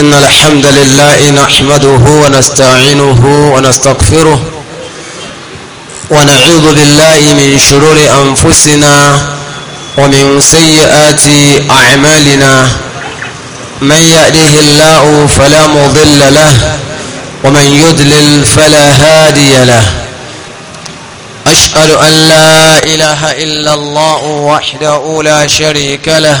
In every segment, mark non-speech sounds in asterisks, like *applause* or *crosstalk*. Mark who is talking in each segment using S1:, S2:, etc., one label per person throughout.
S1: إن الحمد لله نحمده ونستعينه ونستغفره ونعوذ بالله من شرور أنفسنا ومن سيئات أعمالنا من يأله الله فلا مضل له ومن يدلل فلا هادي له أشهد أن لا إله إلا الله وحده لا شريك له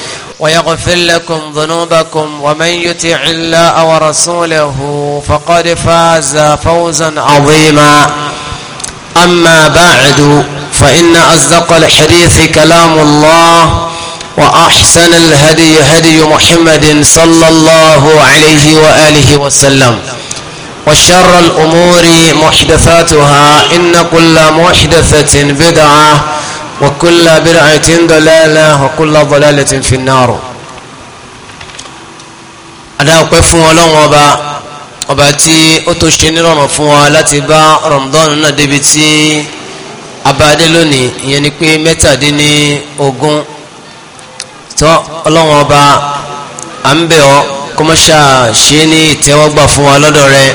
S1: ويغفر لكم ذنوبكم ومن يطع الله ورسوله فقد فاز فوزا عظيما أما بعد فإن أصدق الحديث كلام الله وأحسن الهدي هدي محمد صلى الله عليه وآله وسلم وشر الأمور محدثاتها إن كل محدثة بدعة وكل برعة ضلالة وكل ضلالة في النار أنا أقف ولون وبا ọba tí ó tó ṣe nírọ̀rùn fún wa láti bá Ramadan náà débi tí abáadé lónìí ìyẹn ni pé mẹ́tàdínní ogún tó ọlọ́wọ́n ọba à ń bẹ̀ ọ́ kọ́mọ́ṣà ṣe ní ìtẹ́wọ́gbà fún wa lọ́dọ̀ rẹ̀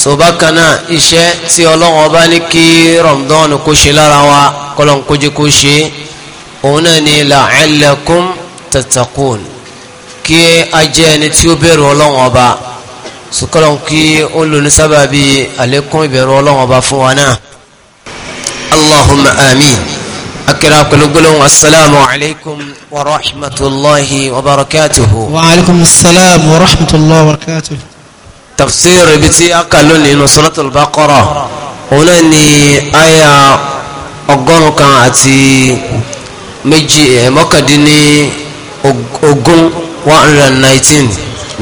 S1: sọ bákan náà iṣẹ́ tí ọlọ́wọ́n ọba ní kí Ramadan kó ṣe lára wa kọ́lọ́n kójú kó ṣe òun náà ni la'allakum tattaqun kí a jẹ́ ẹni tí ó bẹ̀rù ọlọ́run ọba sùkọ́lọ́n kí ó lò ní sábàbí àlékún ìbẹ̀rù ọlọ́run ọba fún wa náà. allahumma amin akira pẹ̀lú gbólóhùn asalaamu alaykum wa rahmatulahi wa barakatuhu.
S2: wa alaykum asalaam wa rahmatulahi wa barakatuhu.
S1: tafsir ibi tí a kà nínú suratul baqara òun náà ni aya ọgọ́rùn kan àti méjì ẹ̀ eh, mọ́kàndínní ogún one hundred and nineteen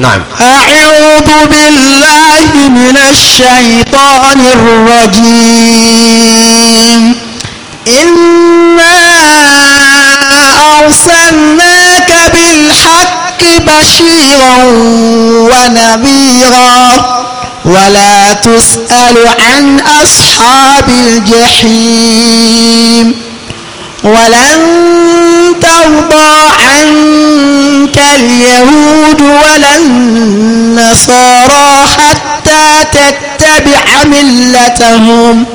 S1: naam.
S3: a'udhu billahi minash shaytanir rajim inna arsalnaka bil haqqi bashiran wa nadhiran. ولا تسأل عن أصحاب الجحيم ولن ترضى عنك اليهود ولا النصارى حتى تتبع ملتهم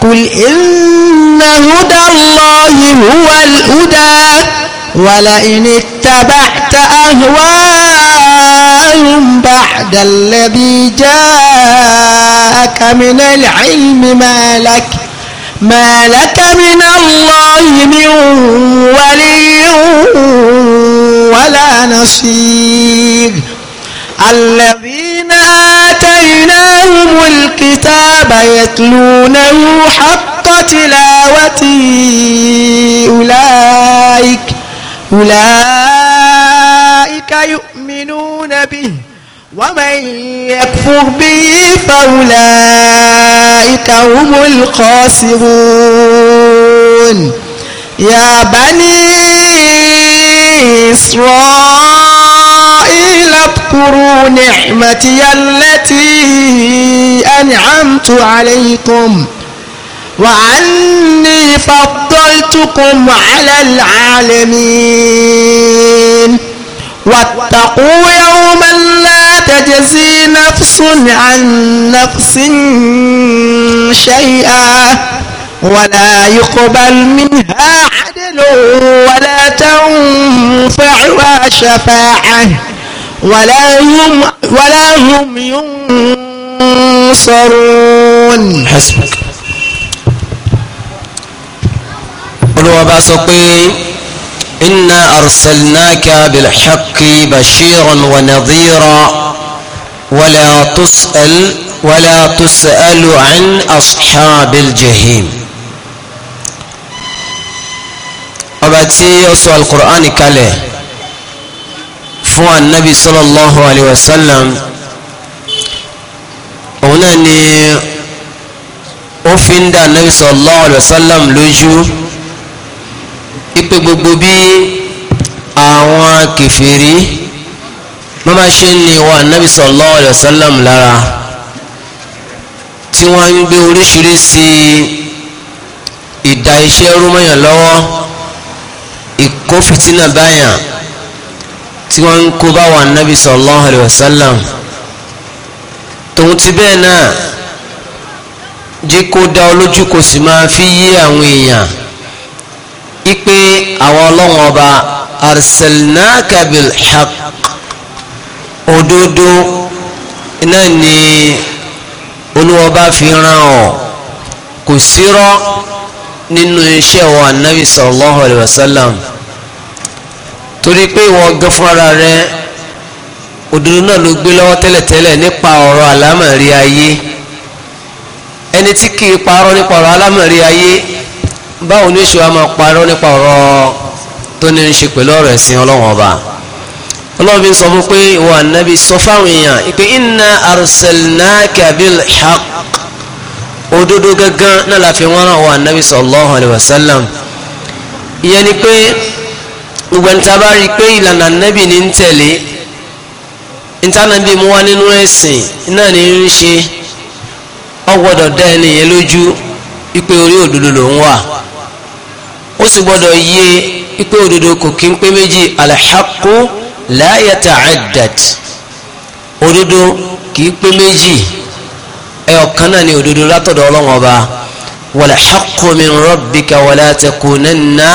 S3: قل إن هدى الله هو الهدى ولئن اتبعت أهواهم بعد الذي جاءك من العلم ما لك ما لك من الله من ولي ولا نصير الذين آتيناهم الكتاب يتلونه حق تلاوته أولئك أولئك يؤمنون به ومن يكفر به فأولئك هم الخاسرون يا بني إسرائيل اذكروا نعمتي التي أنعمت عليكم ۖ وعني فضلتكم على العالمين واتقوا يوما لا تجزي نفس عن نفس شيئا ولا يقبل منها عدل ولا تنفعها شفاعة ولا هم ولا هم ينصرون حسبك olúwa bá sọ
S1: pé inna arsalnaka bilhaqi bashiran wa nadhira wala tus'al wala tus'alu an ashabil jahim ọba tí ó sọ alukur'an kalẹ̀ fún anabi sallallahu alayhi wa sallam òun náà ni ó fi ń dá anabi sallallahu alayhi wa sallam lójú ipe gbogbo bí àwọn kẹfìrí wọ́n bá ṣe ń ní wa anabi sallallahu alayhi wa sallam lára tí wọ́n ń gbé oríṣiríṣi ìdá iṣẹ́ rúmọ̀yàn lọ́wọ́ ìkó fìtínà báyàn tí wọ́n ń kó bá wa anabi sallallahu alayhi wa sallam tòun ti bẹ́ẹ̀ náà jẹ́ kó dá ọ lójú sì máa fi yé àwọn èèyàn ipe àwọn ọlọ́wọ́n ọba arsalnaka bil haqq òdodo náà ni olúwọba fi ràn ọ́ kò sírọ́ nínú iṣẹ́ wa nabi sallallahu alayhi wa sallam torí pé ìwọ gan fúnra rẹ òdodo náà ló gbé lọ́wọ́ tẹ́lẹ̀tẹ́lẹ̀ nípa ọ̀rọ̀ àlámọ̀rí ayé ẹni tí kì í parọ́ nípa ọ̀rọ̀ àlámọ̀rí ayé báwo ní ìṣòwò máa parọ́ nípa ọ̀rọ̀ tó ní í ṣe pẹ̀lú ọ̀rọ̀ ẹ̀sìn ọlọ́run ọba ọlọ́run fi ń sọ fún pé ìwà nàbí sọ fáwọn èèyàn ìpè inna arsalnaka bil haqq òdodo gangan náà la fi wọ́n rán wa nàbí sallallahu alayhi wa sallam ìyẹn ni pé ìgbẹ̀ntà bá rí i pé ìlànà nàbí ní ń tẹ̀lé ìtànàbí mu wá nínú ẹ̀sìn náà ní ń ṣe ọgbọ́dọ̀ dá ẹni yẹn lójú ipe orí òdodo lòún wà ó sì gbọ́dọ̀ yé ipe òdodo kò kí ń pé méjì alhaqqu la yata'addad òdodo kì í pé méjì ẹ̀ọ̀kan náà ni òdodo látọ̀dọ̀ ọlọ́wọ́n ọba wal haqqu min rabbika wala takunanna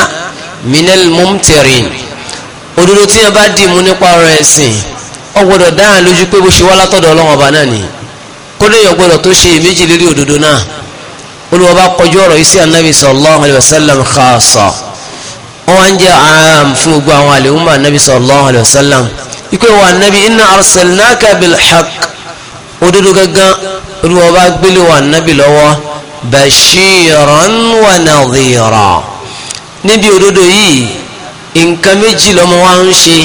S1: minal mumtarin òdodo tí yẹn bá dì mú nípa ọ̀rọ̀ ẹ̀sìn ó gbọ́dọ̀ dáhà lójú pé bó ṣe wá látọ̀dọ̀ ọlọ́wọ́n ọba náà ni kódé yọ gbọ́dọ̀ tó ṣe méjì lérí òdodo náà olùwọ́ bá kọjú ọ̀rọ̀ yìí sí anabi sallallahu alayhi wa sallam khasa wọ́n wá ń jẹ́ aam fún gbogbo àwọn àlèhùnmọ́ anabi sallallahu alayhi wa sallam ikú ìwà anabi inna arsalnaka bilhaq òdodo gangan olùwọ́ bá gbélé wà anabi lọ́wọ́ bashiran wa nadhira níbi òdodo yìí nǹkan méjì lọ́mọ wa ń ṣe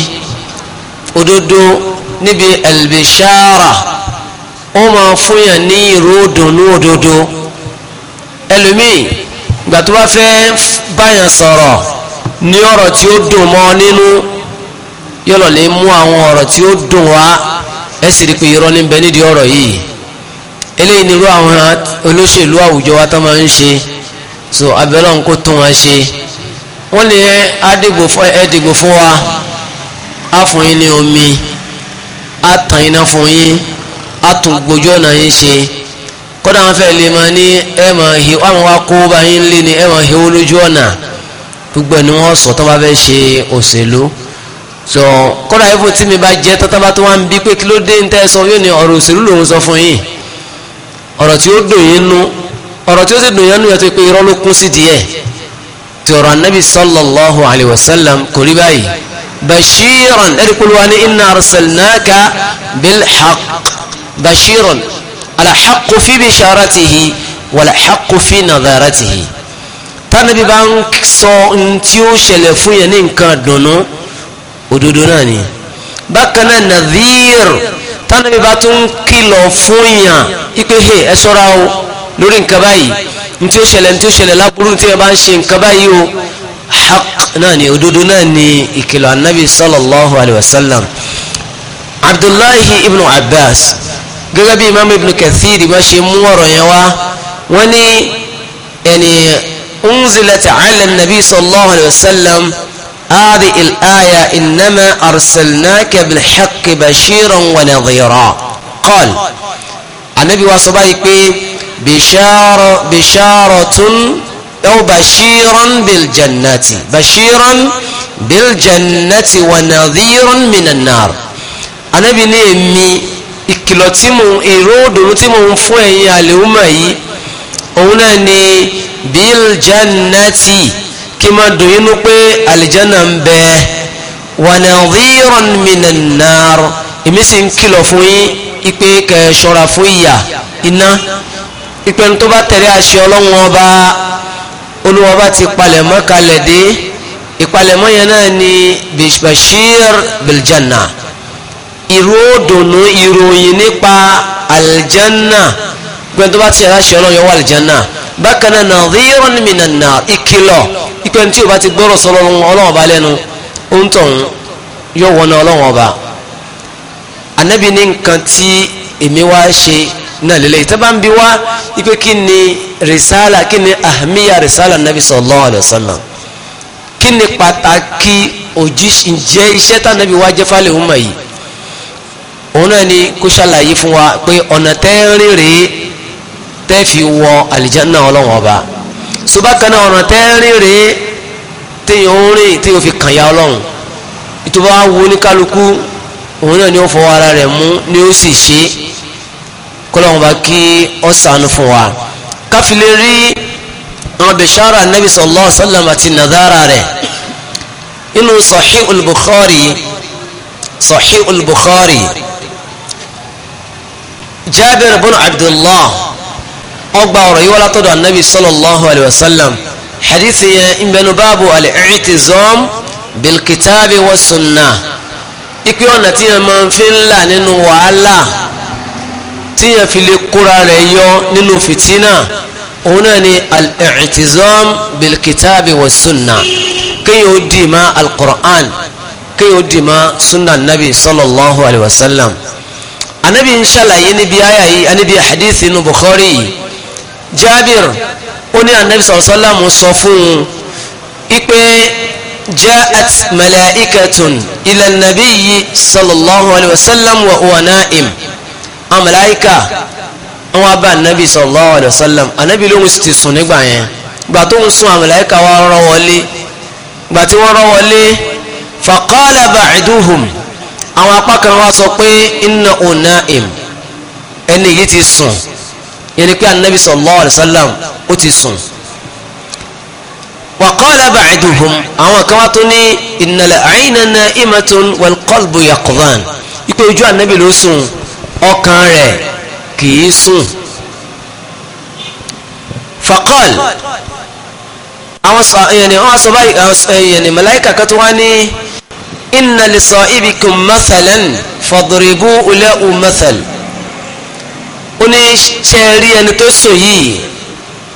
S1: òdodo níbi albishara ó máa fún yàn ní ìró dùnú òdodo ẹlòmíì ìgbà tó bá fẹ́ báyàn sọ̀rọ̀ ní ọ̀rọ̀ tí ó dùn mọ́ nínú yọ̀lọ̀ lè mú àwọn ọ̀rọ̀ tí ó dùn wá ẹ sì rí pé irọ́ ní bẹ nídìí ọ̀rọ̀ yìí eléyìí nírú àwọn olóṣèlú àwùjọ wa tó máa ń ṣe so abẹ́lọ́ ń kó tún wọn ṣe wọ́n lè ẹ dìgbò fún wa á fún yín ní omi á iná fún yín á ọ̀nà yín ṣe kọ́dà wọn fẹ́ lè máa ní ẹ máa hi àwọn wa kó bá yín lé ní ẹ máa hi olójú ọ̀nà gbogbo ẹni wọn sọ tó bá fẹ́ ṣe òṣèlú sọ kọ́dà ibo tí mi bá jẹ́ tọ́tà bá tó wá ń bí pé kí ló dé ń tẹ́ sọ yóò ní ọ̀rọ̀ òṣèlú lòun sọ fún yín ọ̀rọ̀ tí ó dùn yín nú ọ̀rọ̀ tí ó sì dùn yín nú yẹn tó pé irọ́ ló kún sí díẹ̀ tí ọ̀rọ̀ anábì sallallahu alayhi wa sallam kò rí báyìí bashiran ẹ̀rí pé ní inna arsalnaka bilhaq bashiran alaḥaqu fi bisharatihi walaḥaqu fi nadaratihi tánàbí bá ń sọ tí ó ṣẹlẹ̀ fún yẹn ní nǹkan dùnú òdodo náà ni bákan náà nadhir tánàbí bá tún kìlọ̀ fún yẹn ipe he ẹ sọ́ra o lórí nǹkan báyìí ntí ó ṣẹlẹ̀ ntí ó ṣẹlẹ̀ lábúrú tí ẹ bá ń ṣe nǹkan báyìí o haq náà ni òdodo náà ni ìkìlọ̀ anabi sallallahu alayhi wa sallam abdullahi ibnu abbas. gẹ́gẹ́ bí imam ibn kathir bá ṣe mú ọ̀rọ̀ yẹn wá wọ́n ní ẹni unzilat ala nabi sallallahu alayhi wa sallam هذه الآية إنما أرسلناك بالحق بشيرا ونظيرا قال النبي وصبايك بشارة بشارة أو بشيرا بالجنة بشيرا بالجنة ونظيرا من النار النبي نيمي ìkìlọ̀ tí mò ń èrò òdòdó tí mò ń fún ẹ̀yin àlèhùnmọ̀ yìí òun náà ni bíl jannati kí n máa dùn inú pé àlìjánà ń bẹ wa nadhiran minan nar èmi sì ń kìlọ̀ fún yín ipe kẹ̀ṣọ́ra fún ìyà iná ipe tó bá tẹ̀lé àṣẹ ọlọ́run ọba olúwa bá ti palẹ̀mọ́ kalẹ̀ dé ìpalẹ̀mọ́ yẹn náà ni bashir biljanna ìró dùnú ìròyìn nípa aljanna pé tó bá ti yàrá ṣe ọlọ́yọ̀ wà aljanna bákan náà nadhiran minan nar ìkìlọ̀ ìpẹ́ tí o bá ti gbọ́rọ̀ sọ́rọ̀ ọlọ́wọ́ ba lẹ́nu ó ń tọ̀ yóò wọná ọlọ́wọ́ ba anabi ní nǹkan tí èmi wá ṣe náà lélẹ́yìí tó bá ń bi wá ipe kí ni risala kí ni ahmiya risala nabi sallallahu alayhi wa sallam kí ni pàtàkì òjíṣẹ́ iṣẹ́ tá nabi wá jẹ́ fálẹ̀ ọmọ yìí òun náà ni kó ṣàlàyé fún wa pé ọ̀nà tẹ́ẹ̀rín rèé tẹ́ẹ̀ fi wọ àlìjáná ọlọ́wọ́n ọba subakana ọ̀nà tẹ́ẹ̀rín rèé téèyàn ń rìn téèyàn fi kàn ya ọlọ́run ìtọ́ba wo ní kálukú òun náà ni ó fọwọ́ ara rẹ̀ mú ni ó sì ṣe kọ́lọ́wọ́n bá kí ó ṣàánú fún wa káfílẹ̀ rí àwọn bishara nabi sallallahu alaihi àti nadara rẹ̀ inú sahih al-bukhari sahih al-bukhari jabir bin abdullah ọgbà ọ̀rọ̀ yìí wọ́n látọ̀dọ̀ anabi sallallahu alayhi wa sallam hadith yẹn ń bẹnu báàbù al-i'tizam bilkitaabi wa sunnah ipe ọ̀nà tí yẹn máa fi ń là nínú wàhálà tí yẹn fi lè kóra rẹ̀ yọ nínú fìtínà òun náà ni al-i'tizam bilkitaabi wa sunnah kéèyàn ó dì má al-Qur'an kéèyàn ó dì má sunnah nabi sallallahu alayhi wa sallam anabi ń ṣàlàyé níbi àyà yìí anibi hadith inú bukhari yìí jabir ó ní anabi sọ̀sọ́lámù sọ fún un ipe jaat malaikatun ila nabiyyi sallallahu alayhi wa sallam wa huwa na'im àwọn malaika wọn wá bá anabi sallallahu alayhi wa sallam anabi ló ń ti sùn nígbà yẹn gbà tó ń sùn àwọn malaika wa rọ wọlé gbà tí wọ́n rọ wọlé faqala ba'duhum àwọn apá kan wá sọ pé inna unaim ẹni yìí ti sùn yẹni pé anabi sallallahu alayhi wa sallam ó ti sùn wa qala ba'duhum àwọn kan wá tó ní innal ayna na'imatun wal qalbu yaqdhan ipe ojú anabi ló sùn ọkàn rẹ̀ kìí sùn faqal àwọn sọ yẹni wọn sọ báyìí yẹni mẹláìkà kan ní inna li sa'ibikum mathalan fadribu lahu mathal ó ní ṣe rí ẹni tó sùn yìí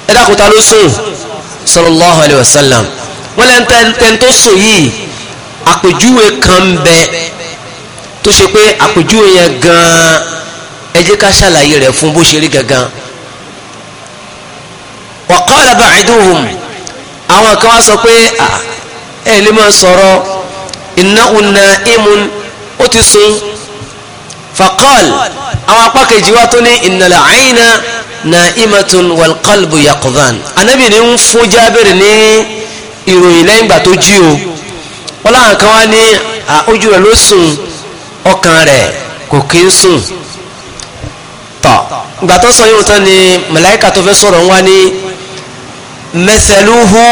S1: ẹ dákun ta ló sùn sallallahu alayhi wa sallam wọ́n lẹ́nu tẹ́ni tó sùn yìí àpèjúwe kan ń bẹ tó ṣe pé àpèjúwe yẹn gan-an ẹ jẹ́ ká ṣàlàyé rẹ̀ fún bó ṣe rí gangan wa qala ba'iduhum àwọn kan wá sọ pé ẹ lè máa sọ̀rọ̀ innahu na'imun ó ti sùn faqal àwọn apá kejì wa tó ní innal ayna na'imatun wal qalbu yaqdhan anabi ni ń fún jábìrì ní ìròyìn lẹ́yìn ìgbà tó jí o wọ́n kan wá ní ojú rẹ̀ ló sùn ọkàn rẹ̀ kò kí ń sùn tọ̀ ìgbà tó sọ yóò tán ni màláíkà tó fẹ́ sọ̀rọ̀ ń wá ní mathaluhu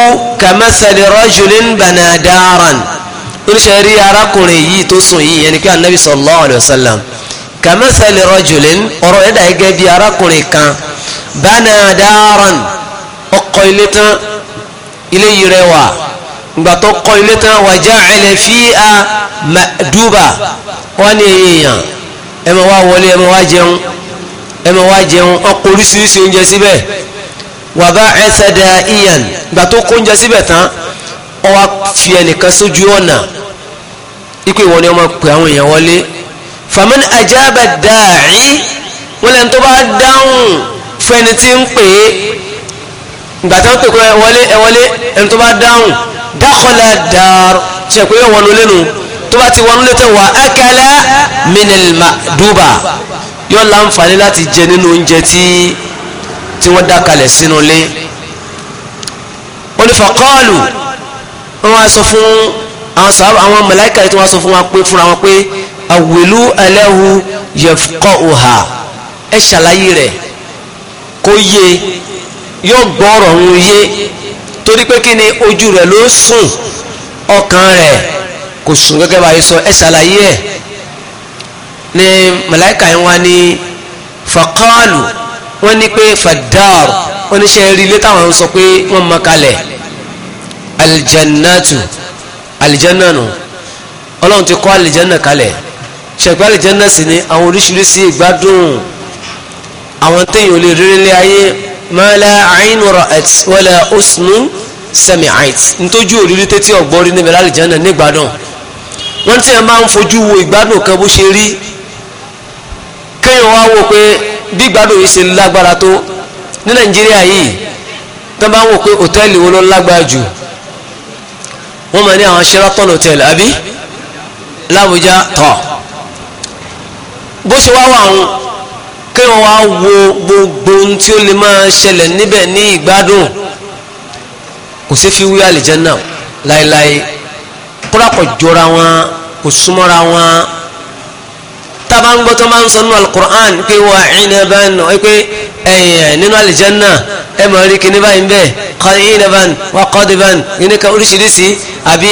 S1: kamathali rajulin bana daran oníṣẹ́ rí arákùnrin yìí tó sùn yìí yẹn ni pé anabi sallallahu alayhi wa sallam kàmẹ́sàlì rajulin ọ̀rọ̀ ẹ̀dá gẹ́gẹ́ bí arákùnrin kan bana daran ó kọ́ ilé tán ilé yìí rẹwà ìgbà tó kọ́ ilé tán wa ja'ala fiha ma'duba wọ́n ní èèyàn ẹ máa wá wọlé jẹun ẹ máa jẹun ọkọ̀ oríṣiríṣi oúnjẹ síbẹ̀ wa ba'atha da'iyan ìgbà tó kó oúnjẹ síbẹ̀ tán ọ wá fi ẹnìkan sójú ọ̀nà ipe wọn ni wọn máa pè àwọn èèyàn wọlé faman ajaba da'i wọn lẹ́nu tó bá dáhùn fún tí ń pè é ìgbà tí wọn pè é wọlé ẹ wọlé ẹni tó bá dáhùn dakhala dar ṣe pé yóò wọnú lẹ́nu tó bá ti wọnú lẹ́tọ̀ wà akala minal ma'duba yóò láǹfààní láti jẹ nínú oúnjẹ tí tí wọ́n dákalẹ̀ sínú lé onífàkọ́ọ̀lù wọ́n wá sọ fún àwọn sàábà àwọn màláíkà yìí tó wá sọ fún wa pé fúnra wọn pé àwèlú ẹlẹ́hu yafqahuha ẹ ṣàlàyé rẹ̀ kó yé yóò gbọ́ ọ̀rọ̀ ń yé torí pé kí ni ojú rẹ̀ ló sùn ọkàn rẹ̀ kò sùn gẹ́gẹ́ bá yìí sọ ẹ ṣàlàyé ẹ̀ ni màláíkà yìí wá ní faqalu wọ́n ní pé fadar oníṣẹ́ rí ilé táwọn sọ pé wọ́n mọ kalẹ̀ aljannatu aljanna nù ọlọ́run ti kọ́ aljanna kalẹ̀ ṣẹ̀pẹ́ aljanna sì ni àwọn oríṣiríṣi ìgbádùn àwọn téèyàn lè rí rílé ayé ma la ainu ra'at wala usnun sami'at ntójú òrírí tẹ́tí ọ̀gbọ́n rí níbi aljanna nígbàdàn wọ́n tí wọ́n máa ń fojú wo ìgbádùn kan bó ṣe rí kéèyàn wá wò pé bí ìgbádùn yìí ṣe lágbára tó ní nàìjíríà yìí tó máa ń wò pé hòtẹ́ẹ̀lì wo ló lágbára jù wọ́n máa ní àwọn Sheraton hotel àbí lábújá tọ̀ bó ṣe wá wà wọn kí wọ́n wá wo gbogbo ohun tí ó lè máa ṣẹlẹ̀ níbẹ̀ ní ìgbádùn kò sí fi wí àlìjẹ́ náà láéláé kúrò àpọ̀jọra wọn kò súnmọ́ra wọn tábà ń gbọ́ tó máa ń sọ nínú alukur'an pé wà ìnàbàn pé ẹ̀yìn nínú alìjẹ́nà ẹ mọ̀ rí kíní báyìí bẹ́ẹ̀ kọ́ ìnàbàn wà kọ́dìbàn kíní kan oríṣiríṣi àbí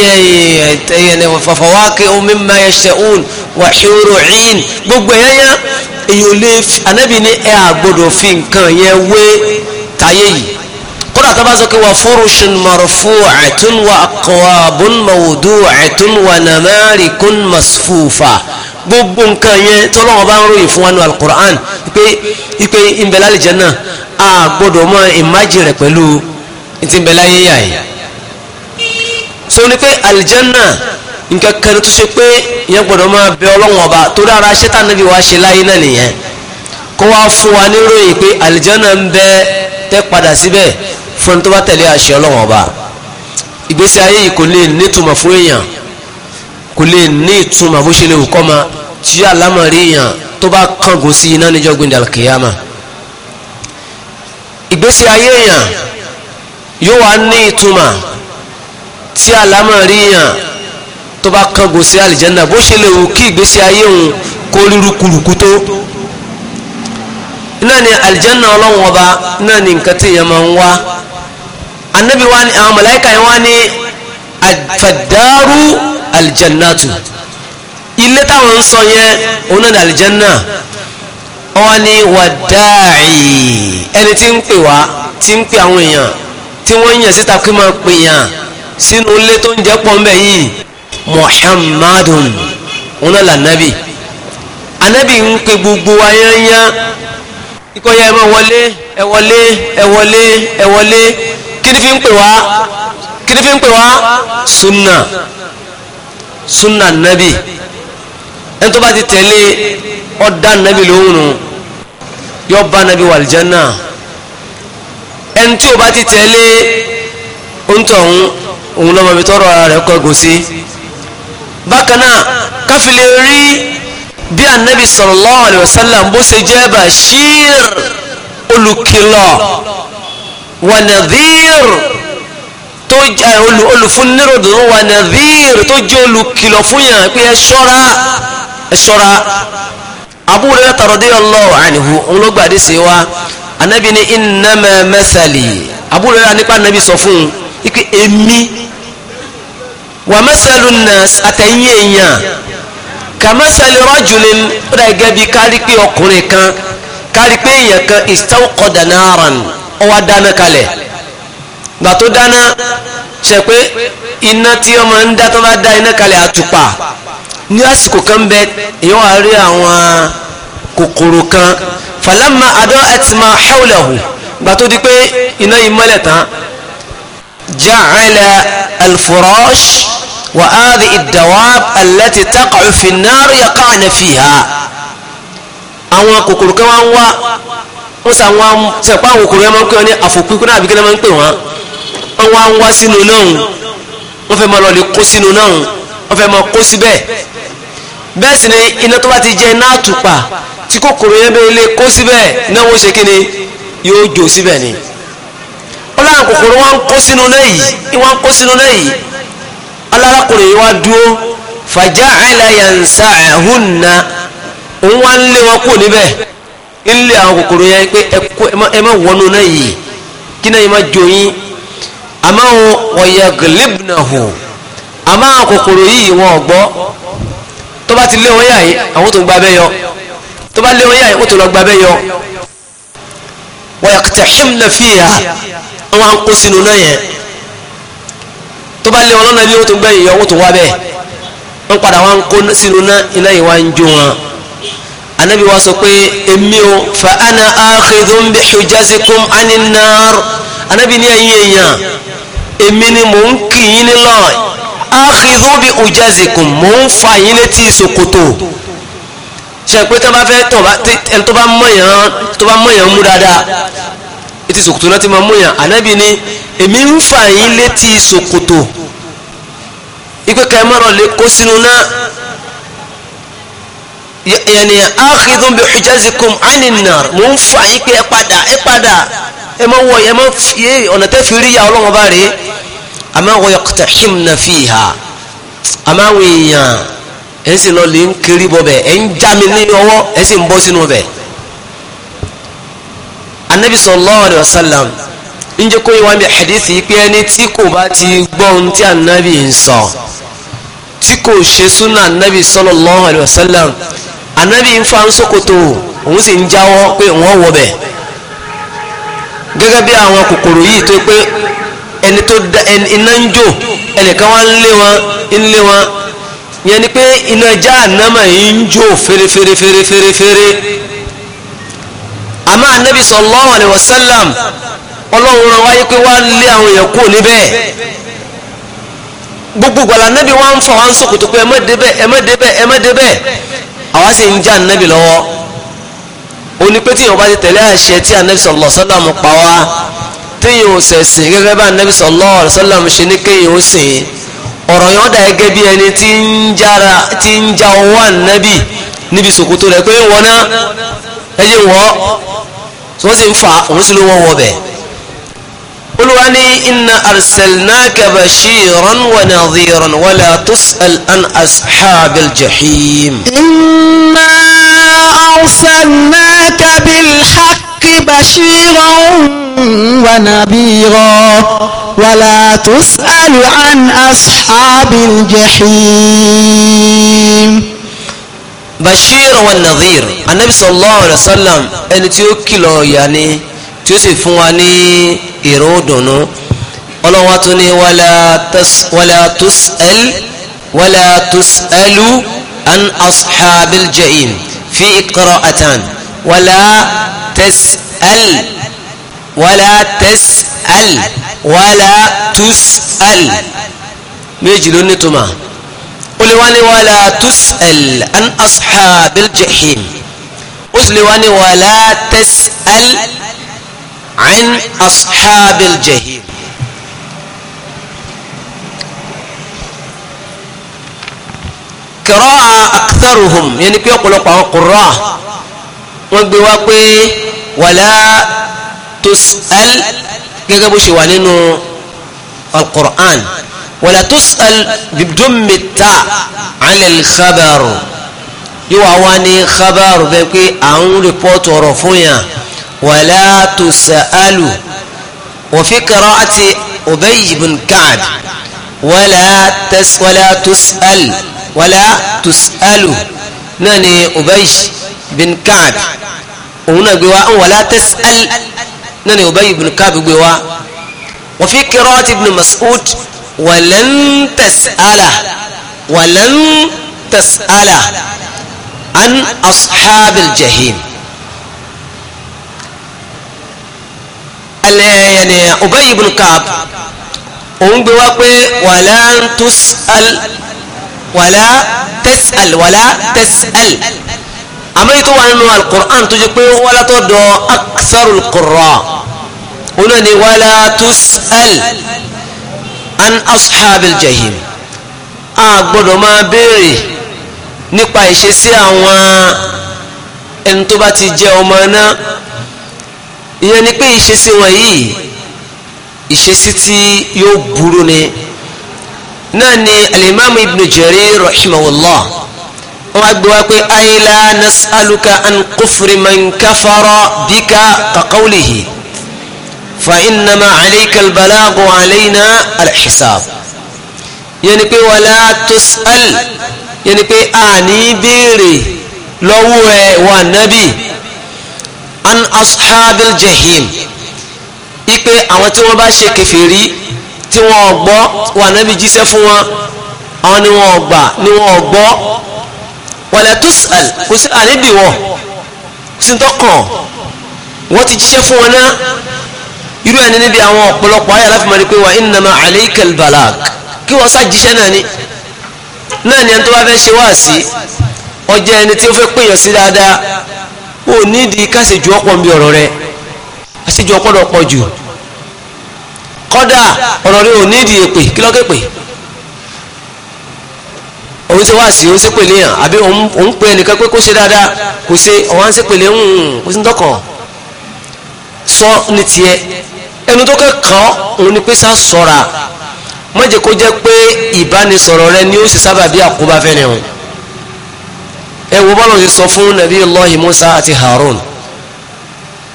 S1: ẹ̀yìn fọ̀fọ̀wákẹ́ omi máa ṣe òun wà ṣòro ìyìn gbogbo ẹ̀yẹ́ yẹn èyí ò lè anábì ní ẹ àgbọ̀dọ̀ fi nǹkan yẹn wé táyé yìí kódà tó bá sọ pé wà fúrúṣun marfu'atun wà aqwabun mawdu'atun wà nàmárìkún masfufa gbogbo nǹkan yẹn tọ́lọ́wọ́n bá ń ròyìn fún wa ní alukur'an pé ipe ìbẹ̀lẹ̀ àlìjẹ́nà a gbọ́dọ̀ mọ ìmájì rẹ̀ pẹ̀lú ti yà yìí. so ni pé àlìjẹ́nà nǹkan kan tó ṣe pé ìyẹn gbọ́dọ̀ máa bẹ ọlọ́wọ́n ọba tó dára ṣé tá níbi wàá ṣe láyé náà nìyẹn kó wá fún wa ní ròyìn pé àlìjẹ́nà ń bẹ tẹ́ padà síbẹ̀ fún ẹni tó bá tẹ̀lé àṣẹ ọlọ́wọ́n ọba ìgbésí ayé yìí kò lè nítumọ̀ fún èèyàn kò lè ní ìtumọ̀ bó ṣe lè wù kọ́ ma tí alámọ̀rí yàn tó bá kángun sí iná níjọ́ gbé dàlùkìyàmà ìgbésí ayé yàn yóò wá ní ìtumọ̀ tí alámọ̀rí yàn tó bá kángun sí àlìjẹ́ndà bó ṣe lè wù kí ìgbésí ayé òun kó ríru kùrùkù tó náà ni àlìjẹ́ndà ọlọ́run ọba náà ni nǹkan tí èèyàn máa ń wá anabi wa ni àwọn mọ̀láìkà yẹn wá ní àfàdárú aljannatu ilé táwọn ń sọ yẹn òun náà ní aljanna wọn ní wàdáì ẹni tí ń pè wá tí ń pè àwọn èèyàn tí wọ́n ń yàn síta kí máa pè yàn sínú ilé tó ń jẹ́ pọ̀ ń bẹ̀ yìí muhammadun òun náà lànàbì anabi ń pe gbogbo ayányá ikọ̀ ya ẹ wọlé ẹ wọlé ẹ wọlé ẹ wọlé kí ni fi ń pè wá kí ni fi ń pè wá sunna súnà nabi, ẹni tó bá ti tẹ̀lé ọ̀dà nabi lóhùn nù yọ bá nàbì wà lìjánà ẹni tí o bá ti tẹ̀lé ontọ̀hún òun lọ́mọ mi tọrọ ara rẹ̀ kọ́ ẹ̀gùn sí bákan náà káfílẹ̀ rí bí anabi sallallahu alayhi wa sallam bó ṣe jẹ́ bashir olùkìlọ̀ wa nadhir tó olùfúnníròdùnú wa nadhir tó jẹ́ olùkìlọ̀ fún yàn pé ẹ ṣọ́ra ẹ ṣọ́ra Abu Hurairah radiyallahu anhu òun ló gbàdé sí wa anabi ni innama mathali Abu Hurairah nípa anabi sọ fún un ike èmi wà masalu nas àtẹ̀yìn èèyàn ka masali rajulin ó dà gẹ́gẹ́ bí kárí pé ọkùnrin kan kárí pé èèyàn kan istawqada naran ó wá dáná kalẹ̀ gbà tó dáná ṣe pé iná tí ọmọ ń dá tó bá dá iná kalẹ̀ àtùpà ní àsìkò kan bẹ èyí wà rí àwọn kòkòrò kan falamma ado'at ma hawlahu gbà tó di pé iná yìí mọ́lẹ̀ tán ja'ala al-furash wa hadhihi ad-dawab allati taqa'u fi an-nar yaqa'na fiha àwọn kòkòrò kan wá ń wá wọ́n sà wọ́n àwọn kòkòrò yẹn máa ń pè wọ́n ní àfòpíkúnná àbíkẹ́ náà máa ń pè wọ́n wọ́n wá ń wá sínú náà wọ́n fẹ́ máa lọ lè kó sínú náà wọ́n fẹ́ máa kó síbẹ̀ bẹ́ẹ̀ sì ni iná tó bá ti jẹ́ iná àtùpà tí kòkòrò yẹn bẹ́ẹ̀ lè kó síbẹ̀ náà wọ́n ṣe kí ni yóò jò síbẹ̀ ni
S4: ọlọ́run kòkòrò wọn kó sínú náà yìí wọn kó sínú náà yìí
S1: alárakùnrin yìí wá dúró fàjà àìláyànsá ẹ̀húnna òun wá ń lé wọn kú níbẹ̀ ń lé àwọn kòkòrò yẹn pé ẹ má wọnú náà yìí kí náà yìí má jò àmọ́ wọ̀nyẹ gìlìbìnà hù àmọ́ kòkòrò yìí wọn ọ̀gbọ́ tó bá ti lé wọn yáyé àwọn tó ń gba abẹ́ yọ tó bá lé wọn yáyé ó tó lọ gba abẹ́ yọ wọ́n yàtẹ̀hìm na fi hà wọ́n á ń kó sínú náà yẹn tó bá lé wọn lọ́nà ilé ó tó ń gbẹ̀yìn yọ ó tó wá bẹ́ẹ̀ wọ́n padà wọ́n kó sínú náà iná yìí wá ń jó wọn anabi wa sọ pé èmi o fa ana akhidun bi hujjazikum anin nar anabi ní ẹ̀yin èèyàn èmi ni mò ń kì yín ní lọ́n áàkìdún bí ujazikun mò ń fa yín létí ṣòkòtò ṣe pé tó bá fẹ́ tó bá ẹni tó bá mọ̀yàn tó bá mọ̀yàn mú dáadáa etí ṣòkòtò náà ti máa mọ̀yàn ànábì ni èmi ń fa yín létí ṣòkòtò ipe kẹ́ mọ́rọ̀ lè kó sínú náà yẹni áàkìdún bí ujazikun ánìnàr mò ń fa yín pé ẹ padà ẹ padà ẹ mọ wọ ẹ mọ fi ọ̀nà tẹ́ fi rí ya ọlọ́wọ́n bá rèé àmọ́ àwọn yọkùtà him na fi hà àmọ́ àwọn èèyàn ẹ̀ ń sì lọ lè ń kiri bọ̀ bẹ̀ ẹ̀ ń já mi ní ọwọ́ ẹ̀ sì ń bọ́ sínú bẹ̀. anabi sallallahu alayhi wa sallam ń jẹ́ kó ìwà mi hadithi pé ẹni tí kò bá ti gbọ́ ohun tí anabi ń sọ tí kò ṣe súnà anabi sallallahu alayhi wa sallam anabi ń fa ń òun sì ń jáwọ́ pé wọ́n wọ bẹ̀ gẹ́gẹ́ bí àwọn kòkòrò yìí tó pé ẹni tó da iná ń jò ẹnìkan wá ń lé wọn ń lé wọn yẹn ni pé iná jahannama yìí ń jò fèrèfèrèfèrèfèrè àmọ́ anabi sallallahu alaihi wasallam ọlọ́run rán wáyé pé wá ń lé àwọn èèyàn kúrò níbẹ̀ gbogbo gbala anabi wá ń fọ wá ń sọkòtò pé ẹ má débẹ̀ ẹ má débẹ̀ ẹ má débẹ̀ àwa sì ń já anabi lọ́wọ́ onípẹ́tì yẹn wọ́n bá ti tẹ̀lé àṣẹ tí anabi sallallahu alaihi pa wá. téèyàn ò sẹ̀sìn gẹ́gẹ́ bá nàbí sallallahu alaihi wasallam ṣe ní kéèyàn ó sìn ọ̀rọ̀ yẹn ó dà gẹ́gẹ́ bí ẹni tí ń jára tí ń já ọwọ́ ànábì níbi ṣòkòtò rẹ̀ pé wọ́n ná ẹyẹ wọ́ tí wọ́n sì ń fa òun sì ló wọ́n wọ́ bẹ̀. olúwa ní inna arsalnaka bashiran wa nadhiran wala tus'al an ashabil jahim. inna
S3: arsalnaka bil haqq. الحق بشيرا ونذيرا ولا تسأل عن أصحاب الجحيم bashir wa
S1: nadhir anabi sallallahu alayhi wa sallam ẹni tí ó kìlọ̀ yanni tí ó sì fún wa ní ìró dùnú ọlọ́wọ́ tó ní wàlá tus'al wàlá tus'alu an ashabil ja'im fi iqra'atan wàlá تسأل ولا تسأل ولا تسأل نيجي لنتما قلواني ولا تسأل عن أصحاب الجحيم قلواني ولا تسأل عن أصحاب الجحيم كراء أكثرهم يعني كيف يقول قراء wọ́n gbé wá pé wàlá tus'al gẹ́gẹ́ bó ṣe wà nínú al-Qur'an wàlá tus'al bidummi ta 'ala al-khabar yóò wá wá ní khabar bẹ́ẹ̀ pé à ń rìpọ́tù ọ̀rọ̀ fún yàn wàlá tus'alu wa fi qira'ati Ubay ibn wàlá tus'al wàlá tus'alu náà ni Ubay. بن كعب هنا جوا ولا تسأل نني أبي بن كعب جوا وفي قراءة ابن مسعود ولن تسأل ولن تسأل عن أصحاب الجحيم يعني أبي بن كعب أم بوابه ولن تسأل ولا تسأل ولا تسأل àmọ́yí tó wà nínú alukur'an tó jẹ́ pé wàlá tó dọ̀ aksarul qurra ona ni wàlá tus'al an ashabil jahim a gbọ́dọ̀ máa béèrè nípa ìṣesí àwọn ẹni tó bá ti jẹ́ ọmọ náà ìyẹn ni pé ìṣesí wọn yìí ìṣesí tí yóò burú ni náà ni alimami ibn Jarir rahimahullah wọ́n wá gbé wá pé ayélá nasaluka an kufri man kafara bika kakawlihi fa innama alayka albalagu alayna alhisab yẹni pé wàlá tus'al yẹni pé àní béèrè lọ́wọ́ ẹ̀ wà nábì an ashabil jahim ipe àwọn tí wọ́n bá ṣe kèfèrí tí wọ́n gbọ́ wà nábì jíṣẹ́ fún wọn àwọn ni wọ́n gbà ni wọ́n gbọ́ wala tus'al kò sí àníbìwọ̀
S4: kò
S1: sí tọkàn wọ́n ti jíṣẹ́ fún wọn náà irú ẹni níbi àwọn ọ̀pọ̀lọpọ̀ ayé aláfimọ́ ni pé wà innama alayka al-balag kí wọ́n sá jíṣẹ́ náà ni náà ni ẹni tó bá fẹ́ ṣe wáàsí ọjọ́ ẹni tí ó fẹ́ pèèyàn sí dáadáa ó nídìí káṣejù ọ̀pọ̀ nbí ọ̀rọ̀ rẹ àṣejù ọ̀pọ̀ dọ̀ jù kọ́dà ọ̀rọ̀ rẹ ò nídìí èpè kí lọ́kẹ́ pè òun ṣe wá sí òun ṣe pèlè yàn àbí òun pe ẹnìkan pé kó ṣe dáadáa kò ṣe ọ̀wá ń ṣe pèlè ń kò sí ń dọ́kàn sọ ní tiẹ̀ ẹnu tó kẹ́kọ̀ọ́ òun ni pé sá sọ̀ra má jẹ́ kó jẹ́ pé ìbánisọ̀rọ̀ rẹ ni ó sì sábà bí àkóbá fẹ́ ni hàn ẹ wo bọ́lá ṣe sọ fún nàbí Allahi Musa àti Harun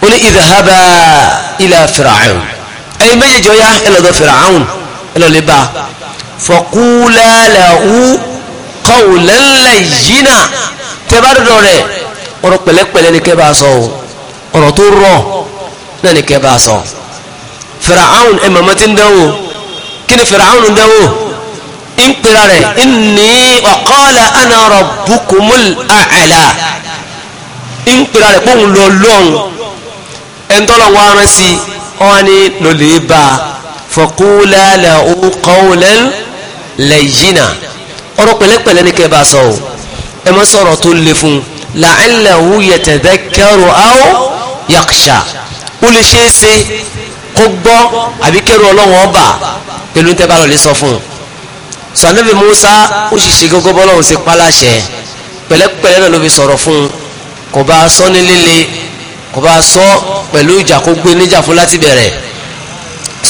S1: ó ní idhaba ila Fir'aun ẹ̀yin méjèèjì ọ̀yá ẹ lọ́dọ̀ Fir'aun ẹ lọ́ọ́ qawlan layyina tẹ́ bá dọ̀dọ̀ rẹ̀ ọ̀rọ̀ pẹ̀lẹ́pẹ̀lẹ́ ni kẹ́ bá sọ o ọ̀rọ̀ tó rọ̀ náà ni kẹ́ bá sọ. Fir'aun ẹ̀ mọ̀mọ́ ti ń dánwò kí ni Fir'aun ń dánwò ń pera rẹ̀ inni wa qala ana rabbukumul a'la ń pera rẹ̀ kóhun lọ lọ́hùn ẹ̀ńtọ́lọ̀ wa rán sí ọ́n ni lọ́lẹ́ bá faqula lahu qawlan ọ̀rọ̀ pẹ̀lẹ́pẹ̀lẹ́ ní kẹ́ bá sọ o ẹ má sọ̀rọ̀ tó le fún la'allahu yatadhakkaru aw yakhsha ó lè ṣeé ṣe kó gbọ́ àbí kẹ́rù ọlọ́wọ́n ọba pẹ̀lú tẹ́ bá lọ lè sọ fún un sọ Ànábì Musa ó sì ṣe gógó bọ́lọ́hún sí pálàṣẹ pẹ̀lẹ́pẹ̀lẹ́ náà ló fi sọ̀rọ̀ fún kò bá sọ ní líle kò bá sọ pẹ̀lú ìjà kó gbé níjà fún láti bẹ̀rẹ̀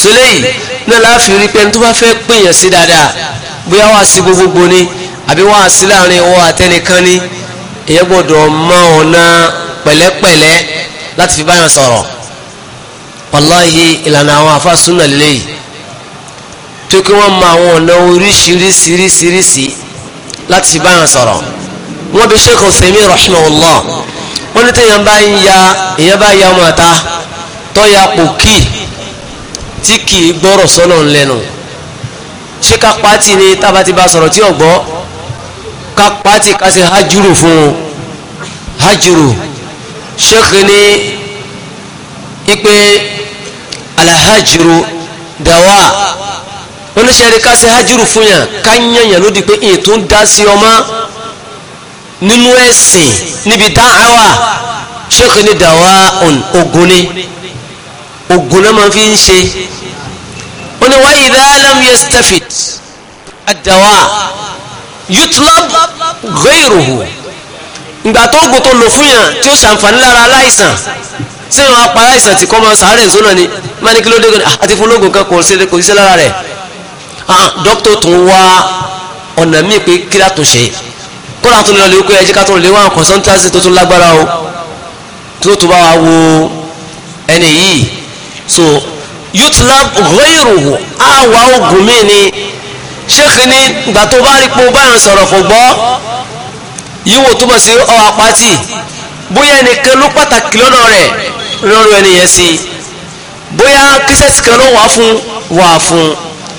S1: sọlẹ́yìn náà láàfin rí pé ẹni bá fẹ́ pèèyàn sí dáadáa bóyá wàá sí gbogbogbò ni àbí wàá sí láàrin ìwọ àtẹnìkan ni èyàn gbọ́dọ̀ mọ ọ̀nà pẹ̀lẹ́pẹ̀lẹ́ láti fi báyọ̀ sọ̀rọ̀ wàláhì ìlànà àwọn àfàsúnà lélẹ́yìí tó kí wọ́n mọ àwọn ọ̀nà oríṣiríṣiríṣiríṣi láti fi báyọ̀ sọ̀rọ̀ wọ́n bí Sheikh Uthaymeen rahimahullah wọ́n ní téèyàn bá ń ya èèyàn bá ya ọmọ àta tó ya pò kí tí kì í gbọ́rọ̀ sọ́nà ńlẹ́nu ṣé ká pàtì ni tába ti bá sọ̀rọ̀ tí ọ̀gbọ́ ká pàtì ká ṣe hajuru fún un hajuru sheikh ni ipe alahajuru dawa oníṣẹ́rí ká ṣe hajuru fún yàn ká yànyàn lódì pé èyí tó ń dá sí ọmọ nínú ẹ̀sìn níbi dáhàwà sheikh ni dawa ogun ni ogun náà máa fi ń ṣe ó ní wáyé dáálàm yastafid ad-dawa yutlab ghayruhu ìgbà tó oògùn tó lò fún yàn tí ó ṣàǹfààní lára aláìsàn tí wọn apá aláìsàn tí kọ́ máa sàárẹ̀ ǹzọ́nà ni má ní kí ló dé àti ah, fún ológun kan kò ṣiṣẹ́ lára rẹ̀ ah, dókítà tún wá ọ̀nà míì pé kí látún ṣe kóra tó lọ lè wípé ẹjẹ́ ká tó lè wá kọ̀sọ́ntàsì tó tún lágbára o tó tó bá wa wo ẹni yìí so yutlab ghayruhu àwa ogun mi ni sheikh ni ìgbà tó bá rí pé ó báyọ̀ sọ̀rọ̀ kò gbọ́ yíwò túmọ̀ sí ọ apáti bóyá ẹnìkan ló pàtàkì lọ́dọ̀ rẹ̀ lọ́rọ̀ ẹnìyẹn sí bóyá kíṣẹ́sì kan ló wà fún wà fún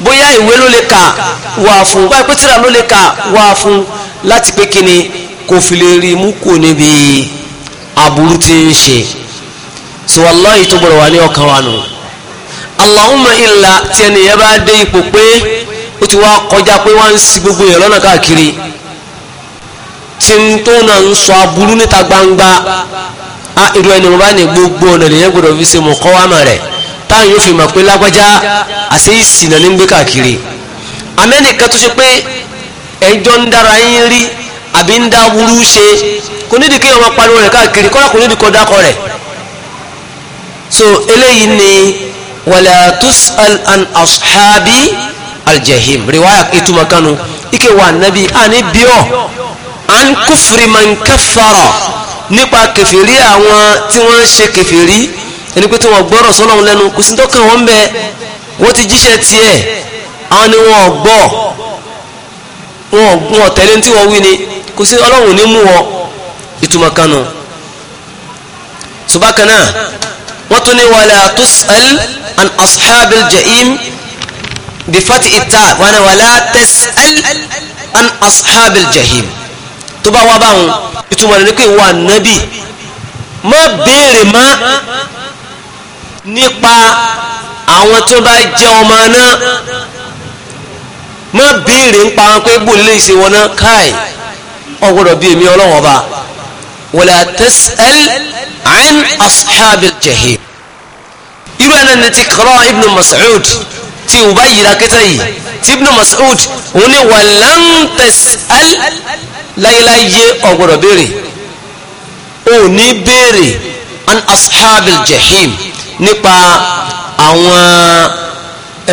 S1: bóyá ìwé ló lè kà wà fún báyìí pé ló lè kà wà fún láti pé kíni kò fi lè rí mú kò níbi aburú tí ń ṣe so wallahi tó gbọdọ̀ wà ní ọkàn wa nù. No Allahumma illa tí ẹnìyẹn bá dé ipò pé ó ti wá kọjá pé wọ́n ń si gbogbo yẹn lọ́nà káàkiri tí n tó náà ń sọ aburú níta gbangba a irú ẹni mo bá ní gbogbo ọ̀nà lèyẹn gbọdọ̀ fi ṣe muqawama rẹ̀ táwọn yóò fi mọ̀ pé lágbájá àṣẹ ìsìnà ní ń gbé káàkiri amẹ́nìkan tó ṣe pé ẹjọ́ ń dára yín rí àbí ń dá burú ṣe kò nídìí kí ọmọ pariwo rẹ̀ káàkiri kọ́lá kò nídìí kọ́ dákọ̀ rẹ̀ so eléyìí ni wala tus'al an ashabi aljahim riwaya ituma kanu ike wa nabi ani biyo an kufri man kaffara nípa kẹfìrí àwọn tí wọ́n ń ṣe kẹfìrí ẹni pé tí wọ́n gbọ́rọ̀ sọ́lọ́run lẹ́nu kò sí tọ́kàn wọn bẹ
S4: wọ́n ti jíṣẹ́ tiẹ̀
S1: àwọn ni wọ́n gbọ́ wọn tẹ̀lé tí wọ́n wí ni kò sí ọlọ́run ní mú wọn kanu. subakana wọ́n tún ní wala tus'al عن أصحاب الجحيم بفتح التاء وانا ولا تسأل عن أصحاب الجحيم تبا وباهم يتوما نكوي هو النبي ما بيري ما nípa àwọn tó bá jẹ́ ọmọ náà má béèrè ń pa wọn pé bò lè ṣe wọn náà káì ọgbọ́dọ̀ bí èmi ọlọ́wọ́n bá wala tas'al an ashabil jahim irú ẹ̀nà ni ti kọ́rọ́ ibn Mas'ud ti ò bá yìí rákẹ́tà yìí ti ibn Mas'ud òun ni wà láńtẹ̀sẹ̀l láyéláyé ọ̀gbọ̀dọ̀ béèrè ò ní béèrè an ashabil jahim nípa àwọn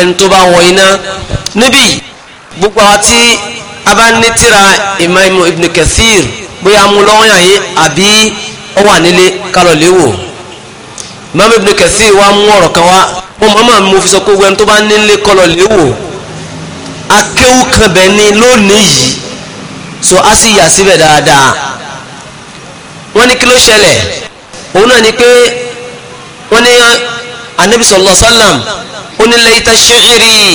S1: ẹni tó bá wọ iná níbí gbogbo àwọn tí a bá ní tíra Imam Ibn Kathir bóyá mú lọ́wọ́ yàn yìí àbí ó wà nílé kálọ̀ léwò. Imam Ibn Kathir wa mú ọ̀rọ̀ kan wá wọn mọ̀mọ́ mi mo fi sọ pé gbẹ́ni tó bá nílé kọlọ̀ léwò akéwù kan bẹ̀ ni lónìí yìí so a sì yà síbẹ̀ dáadáa wọ́n ní kí ló ṣẹlẹ̀ òun náà ni pé wọ́n ní anabi sallallahu alaihi wasallam ó ní laita shi'ri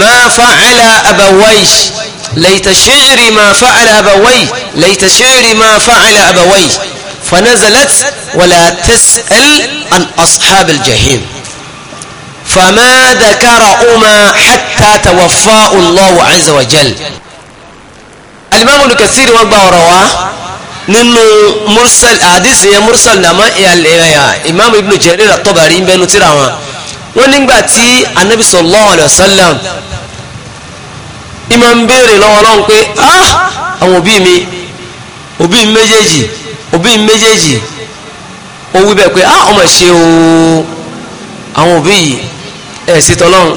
S1: ma fa'ala abawai laita shi'ri ma fa'ala abawai laita shi'ri ma fa'ala abawai. فنزلت ولا تسأل عن أصحاب الجحيم فما ذكرهما حتى توفاه الله عز وجل الإمام الكثير وقبع رواه nínú mursal àdìsí yẹn mursal nàmá imam ibn Jarir at-Tabari ń bẹnu tíra wọn wọn nígbà tí anabi sallallahu alayhi wa sallam imam béèrè lọ́wọ́ lọ́wọ́
S4: ah
S1: àwọn òbí mi òbí mi méjèèjì òbí méjèèjì ó wí bẹ́ẹ̀ pé á ah, ọmọ ṣe o àwọn òbí yìí ẹ̀ ṣètò ọlọ́run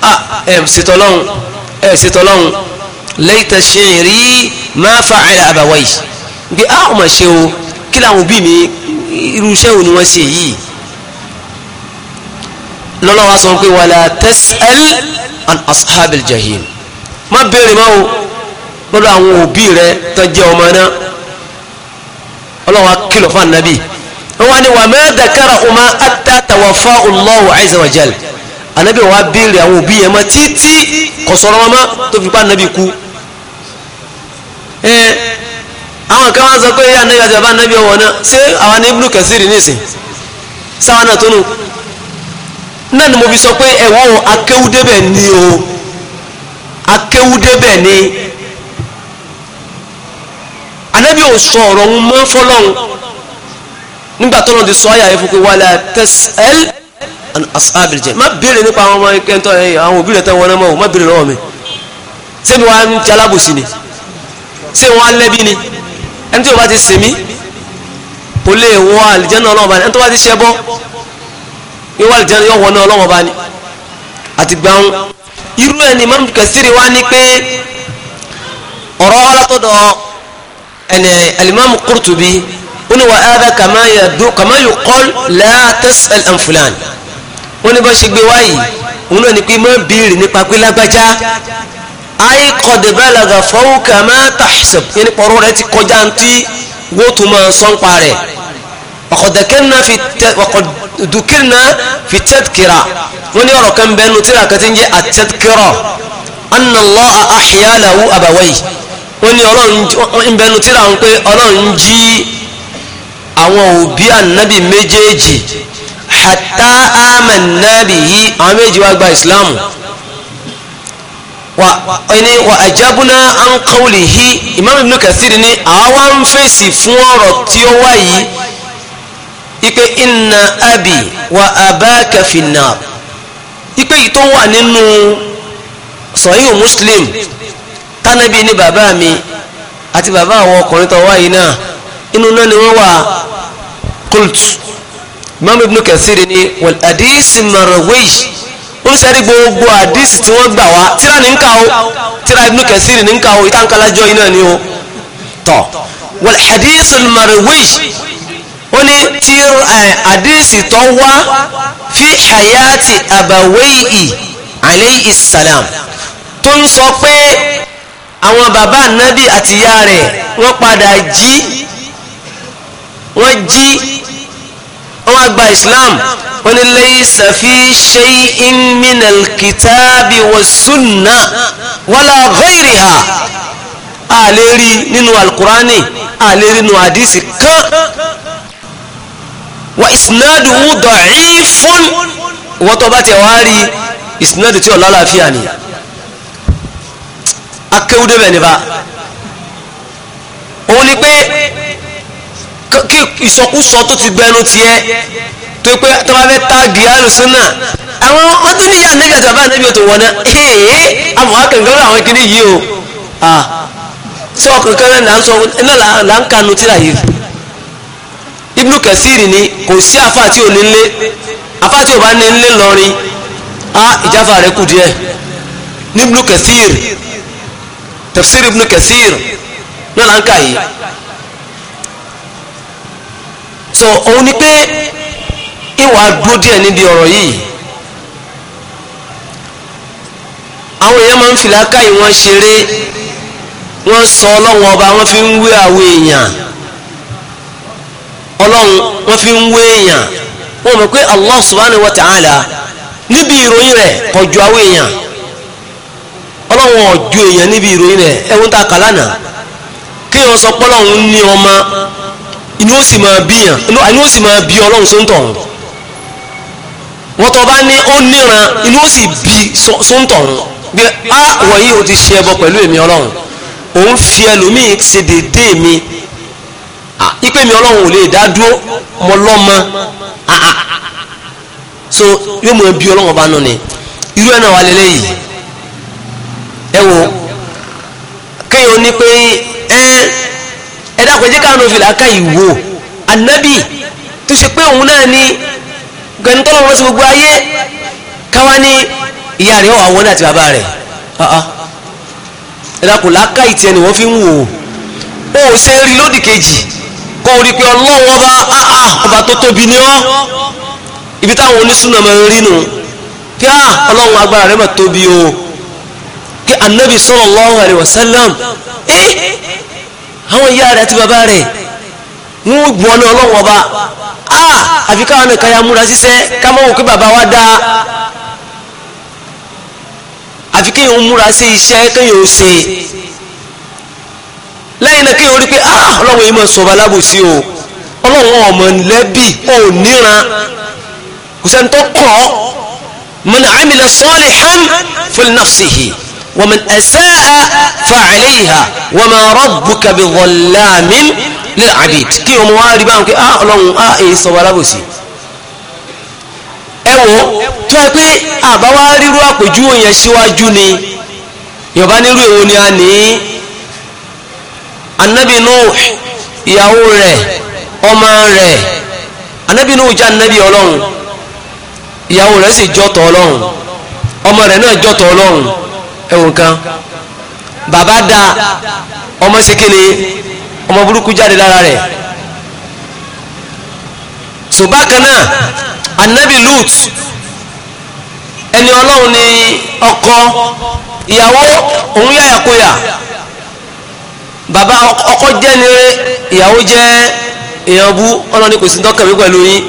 S1: á ah, ẹ̀ ṣètò ọlọ́run ẹ̀ ṣètò ọlọ́run laita shi'ri ma fa'ala abawayhi bí á ah, ọmọ ṣe o kí làwọn òbí mi irú iṣẹ́ wo ni wọ́n ṣe yìí lọ́lọ́wọ́ sọ pé wala tas'al an ashabil jahim má béèrè máa o lọ́dọ̀ àwọn òbí rẹ tó jẹ́ ọmọ náà ọlọ́wọ́ kìlọ̀ fún anabi wọ́n wá ní wà ma dhakarahuma hatta tawaffahullahu azza wa jal anabi wa béèrè àwọn òbí yẹn mọ́ títí kọ̀sọ̀rọ̀ wọn mọ́ tó fi pa anabi kú ẹ àwọn kan wá sọ pé yá anabi àti bàbá anabi ọwọ́ náà mo fi sọ pé ẹ̀wọ̀n akéwúdébẹ̀ ni o akéwúdébẹ̀ ni anabi ò sọ ọ̀rọ̀ òun mọ́ fọlọ́run nígbà tó lọ́n ti sọ ayà ìfúnpẹ́ wala tas'al an ashabil jannah má béèrè nípa àwọn ọmọ kẹntọ́ àwọn òbí rẹ̀ tán wọn náà má béèrè lọ́wọ́ mi ṣé mi wá ń ti alábòsí ni ṣé wọn á lẹ́bí ni ẹni tí o bá ti sìn mí kò lè wọ àlìjẹ́nà ọlọ́wọ́ bá ní ẹni tó bá ti ṣẹ́ bọ́ yóò wà àlìjẹ́nà yóò náà ọlọ́wọ́ bá ní àti gbàùn irú ẹni mọ́nùkẹ́sìrì wá ní pé ọ̀rọ̀ alátọ́dọ̀ ẹni alimami Qurtubi wọn wà ádá kàmá yà dùn kàmá yù kọ́l látẹ́sí ẹlẹ́nfúlàn wọn ni bá ṣe gbé wáyé wọn náà ni pé máa ń béèrè nípa pé lágbájá ayé kọ́dé bàlágà fọwọ́ kàmá tàṣẹ yẹn pọ̀rọ̀ rẹ ti kọjá ntí wọ́n tún máa sọ́n pa rẹ̀ wàkọ̀dùkìrìnà fi tẹ́tkìrà wọn ni ọ̀rọ̀ kan bẹ́ẹ̀ nu tíra kan ti ń jẹ́ àtẹ́tkìrọ̀ anna àhìyá làwù àbàwẹ́yì ó ní ọlọ́run ń bẹnu tíra ń pé ọlọ́run jí àwọn òbí ànábì méjèèjì hatta amannabi yìí àwọn méjì wá gba ìsìláàmù wa ẹni wa ajabuna an qawlihi imam ibn kathir ni àwa ń fèsì fún ọ̀rọ̀ tí ó wá yìí ipe inna abi wa abaka finnar ipe yìí tó wà nínú sọ̀híhù muslim tánàbí ní bàbá mi àti bàbá àwọn ọkùnrin tó wáyé náà inú náà ni wọ́n wà kult imam ibn kassir ni wal hadith marwi ó ń sẹ́rí gbogbo hadith tí wọ́n gbà wá tíra ní ń kà ó tíra ibn kassir ní ń kà ó ìtànkálájọ́ iná ni ó tọ̀ wal hadith ó ní tí hadith tó wá fi hayati abawayhi alayhi salam tó ń sọ pé àwọn bàbá ànábì àti ìyá rẹ̀ wọ́n padà jí wọ́n jí wọ́n wá gba islam wọ́n ní laysa fi shay'in minal kitabi wa sunna wala ghayriha a lè rí nínú alukurani a lè rí nínú hadisi kan wa isnaduhu da'ifun wọ́n tó bá tẹ̀ rí isnadu tí ó lálàáfíà nìyà akéwúdé bẹ̀ nípa òun ni pé kí ìsọkúsọ tó ti gbẹnu tiẹ̀ tó pé tó bá fẹ́ táàgì alùsùnà àwọn wọn tó níyà níbi àtàbà níbi òtò wọn náà ee àwọn akẹ́kọ̀ọ́ àwọn kìíní yìí o ah sọ kankan náà là ń sọ náà là ń kanu tíra yìí ibnu kẹsìrì ni kò sí afa tí ò ní nlé afa tí ò bá ní nlé lọrin ah ìjáfa rẹ kù díẹ̀ ní ibnu kẹsìrì tafsir ibn kathir náà láǹkà yìí so òun ni pé ìwà dúró díẹ̀ níbi ọ̀rọ̀ yìí àwọn èèyàn máa ń fi làákàyè wọn ṣeré wọ́n sọ ọlọ́run ọba fi ń wé àwọn èèyàn ọlọ́run wọ́n fi ń wé èèyàn wọ́n mọ̀ pé allah subhanahu wa ta'ala níbi ìròyìn rẹ̀ kọjú àwọn èèyàn ọlọ́run ọ̀jọ́ èèyàn níbi ìròyìn rẹ̀ ẹ̀wọ́n ta kà lánàá kí wọ́n sọ pé ọlọ́run ní ọmọ inú ó sì máa bí yàn ọlọ́run sóńtọ̀ wọ́n tọ́ bá ní ó níran inú ó sì bí sóńtọ̀ bí a wọ̀nyí o ti ṣe ẹbọ pẹ̀lú èmi ọlọ́run òun fi ẹlòmíì ṣe dédé mi ipe mi ọlọ́run ò lè dá dúró mọ lọ́mọ so yóò mọ bí ọlọ́run ọba nù ni irú ẹ̀ náà wà lélẹ́yìí ẹ wo kéèyàn ní pé ẹ ẹ dákun jẹ́ káwọn òfin làákà yìí wò ànábì tó ṣe pé òun náà ni gbẹ̀ni tọ́lọ̀ wọn sí gbogbo ayé káwa ní ìyá rẹ̀ wà wọ́n àti bàbá rẹ̀ ẹ dákun làákà yìí ni wọ́n fi ń wò ó ò ṣe rí lódì kejì kó o rí pé ọlọ́wọ́ bá ọba tó tóbi ni ah, ọlọ́run agbára rẹ̀ máa tóbi o kí anabi sallallahu alayhi wa sallam eh àwọn ìyá rẹ̀ àti bàbá rẹ̀ wọ́n gbọ́ ní ọlọ́wọ́ bá a àfi káwọn nìkan ya múra síṣẹ́ ká mọ̀ wò pé bàbá wa dáa àfi kéèyàn múra sí iṣẹ́ kéèyàn ó ṣe lẹ́yìn náà kéèyàn rí pé a ọlọ́wọ́ yìí máa sọ̀rọ̀ alábòsí o ọlọ́wọ́ ọmọ lẹ́bí ò níran kò sẹ́ni tó kọ́ man amila salihan fali nafsihi. ومن
S4: أساء
S1: فعليها وما ربك بظلام للعبيد كي هم واربان كي آه لهم آه إيه صوالابوسي ẹwọ tó ẹ pé àbáwá ríru àpèjú òyìn síwájú ni yorùbá nírú èwo ni a ní anabi nuh ìyàwó rẹ ọmọ rẹ anabi nuh jẹ anabi Ọlọ́run ìyàwó rẹ sì jọtọ Ọlọ́run ọmọ rẹ náà jọtọ Ọlọ́run ẹ̀wọ̀n kan bàbá da ọmọ sekele ọmọ burúkú jáde lára rẹ̀ so bákan náà anabi lut ẹni ọlọ́run ni ọkọ ìyàwó òun yàyàkóyà bàbá ọkọ jẹ́ ni ìyàwó jẹ́ èèyàn bú ọlọ́run ni kò sí dọ́kàn mi pẹ̀lú yín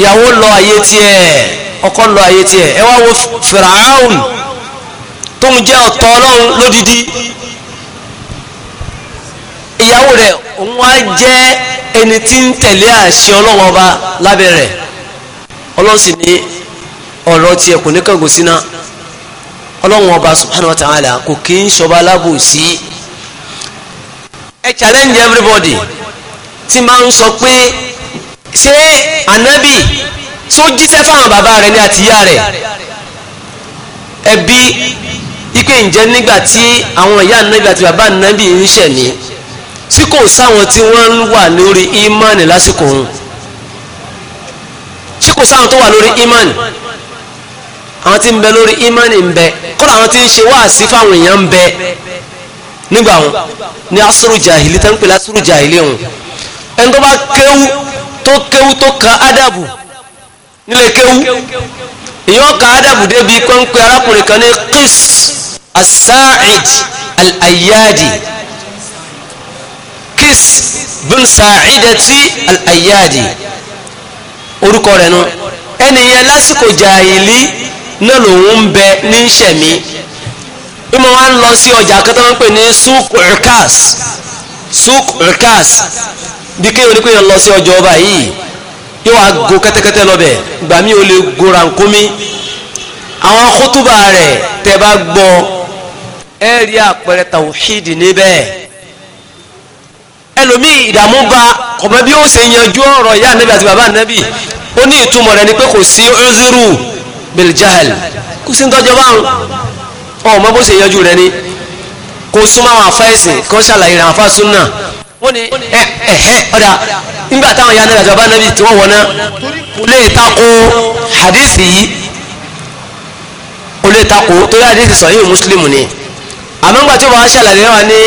S1: ìyàwó lọ ayé tiẹ̀ ọkọ lọ ayé tiẹ̀ ẹ wá wo fìràáhùn tó ń jẹ́ ọ̀tọ̀ ọlọ́run lódìdí ìyàwó rẹ̀ òun á jẹ́ ẹni tí ń tẹ̀lé àṣẹ ọlọ́run ọba lábẹ́ rẹ̀ ọlọ́run sì ọ̀rọ̀ tiẹ̀ kò ní kàngò síná ọlọ́run ọba subhanahu wa ta'ala kò kí ń ṣọba lábòsí ẹ challenge everybody tí máa ń sọ pé ṣé ànábì tó jíṣẹ́ fáwọn bàbá rẹ̀ ní àtìyá rẹ̀ ẹbí ike ǹjẹ́ nígbà tí àwọn ìyá ànábì àti bàbá ànábì ń ṣẹ̀ ní tí kò sáwọn tí wọ́n wà lórí ìmánì lásìkò òun tí kò sáwọn tó wà lórí ìmánì àwọn tí ń bẹ lórí ìmánì ń bẹ kódà àwọn tí ń ṣe wáàsí fáwọn èèyàn ń bẹ nígbà wọn ní asúrù jàhìlì tó ń pè lásùrù jàhìlì òun ẹni tó bá kéwú tó kéwú tó ka ádàbù nílé kéwú èèyàn ka ádàbù débi pé arákùnrin kan ní kís الساعد الأيادي كس بن ساعدة الأيادي orúkọ rẹ̀ nu ẹnìyẹn lásìkò jàìlì náà lòun ń bẹ ní sẹ̀mí bí mo wá ń lọ sí ọjà kan tó ń pè ní suk urkas suk urkas bí kéwọn ní pé yẹn lọ sí ọjọ́ ọba yìí yóò wá go kẹ́tẹ́kẹ́tẹ́ lọ́bẹ̀ gbàmí ò lè go rànkúmi àwọn kótóbà rẹ̀ tẹ́ bá gbọ́ ẹ rí àpẹẹrẹ tàwùhídì níbẹ̀ ẹlòmíì ìdààmú bá kọ̀mọ́ bí ó ṣe yanjú ọ̀rọ̀ ìyá ànábì àti bàbá ànábì ó ní ìtumọ̀ rẹ̀ ni pé kò sí ọ́zírù biljahal kò sí ntọ́jọ́ báwọn ọmọ bó ṣe yanjú rẹ̀ ni kò súnmọ́ àwọn afáìsìn kò ṣàlàyé rẹ̀ àfa súnà wọ́n ní ẹ ẹ̀hẹ́ ọ̀dà nígbà táwọn ìyá ànábì àti bàbá ànábì tí wọ́n wọ̀ náà kò lè takò hadisi yìí kò lè takò torí hadisi sahih Muslim àmọ́gbà tí wọ́n á ṣàlàyé wa ní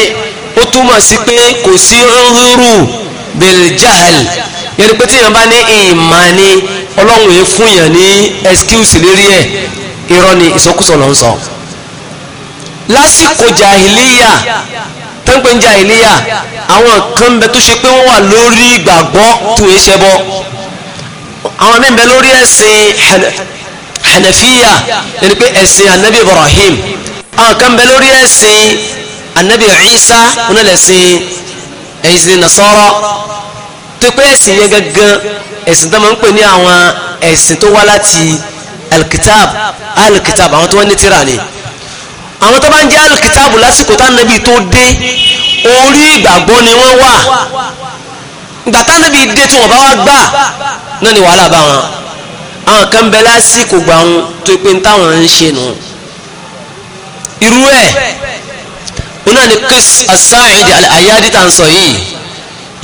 S1: ó túmọ̀ sí pé kò sí rúrú biljahal yẹni pé tíyàn ní ìmọ̀ ni ọlọ́run yẹn fún yàn ní excuse lérí ẹ̀ irọ́ ni ìsọkúsọ ló ń sọ. lásìkò jahiliya tẹ́ńpẹ́ ń jahiliya àwọn kan ń bẹ tó ṣe pé wọ́n wà lórí ìgbàgbọ́ tó yẹ ṣẹbọ àwọn mí bẹ lórí ẹ̀sìn hanafiya yẹni pé ẹ̀sìn anabi ibrahim àwọn kan bẹ lórí ẹ̀sìn anabi Isa onílẹ̀sìn ẹ̀sìn nasara tó pé ẹ̀sìn yẹn gangan ẹ̀sìn tó máa ń pè ní àwọn ẹ̀sìn tó wá láti alkitab alkitab àwọn tó wọ́n ní tírà ni àwọn tó bá ń jẹ́ alkitab lásìkò tá anabi tó dé orí ìgbàgbọ́ ni wọ́n wà ìgbà tá anabi dé tí wọ́n bá wá gbà náà ni wàhálà bá wọn àwọn kan bẹ lásìkò gbà wọn tó pé ń táwọn ń ṣe nù. No irú ẹ̀ oná ni kís asáàìdì àyádi tá à ń sọ yìí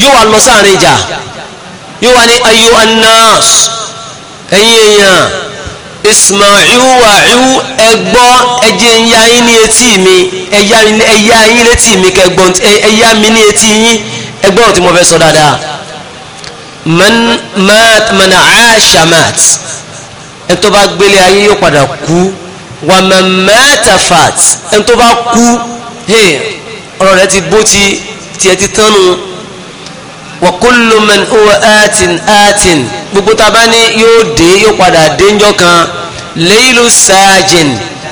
S1: yóò wá lọ sáàrin ìjà yóò wá ní ayu anas ẹ̀yin èèyàn isma'u wa'u ẹgbọ́ ẹjẹ ẹ̀yà yín ní etí mi ẹ̀yà yín létí mi kẹgbọ́n ẹ̀yà mi ní etí yín ẹgbọ́n tí mo fẹ́ sọ dáadáa man mat man bá gbélé ayé yóò padà kú wà mẹ́mẹ́ta fat ẹni tó bá kú ọ̀rọ̀ rẹ̀ ti bó ti tiẹ̀ ti tánu wa kullu man huwa atin atin gbogbo ta bá ní yóò dé yóò padà dé ńjọ́ kan leilu sajin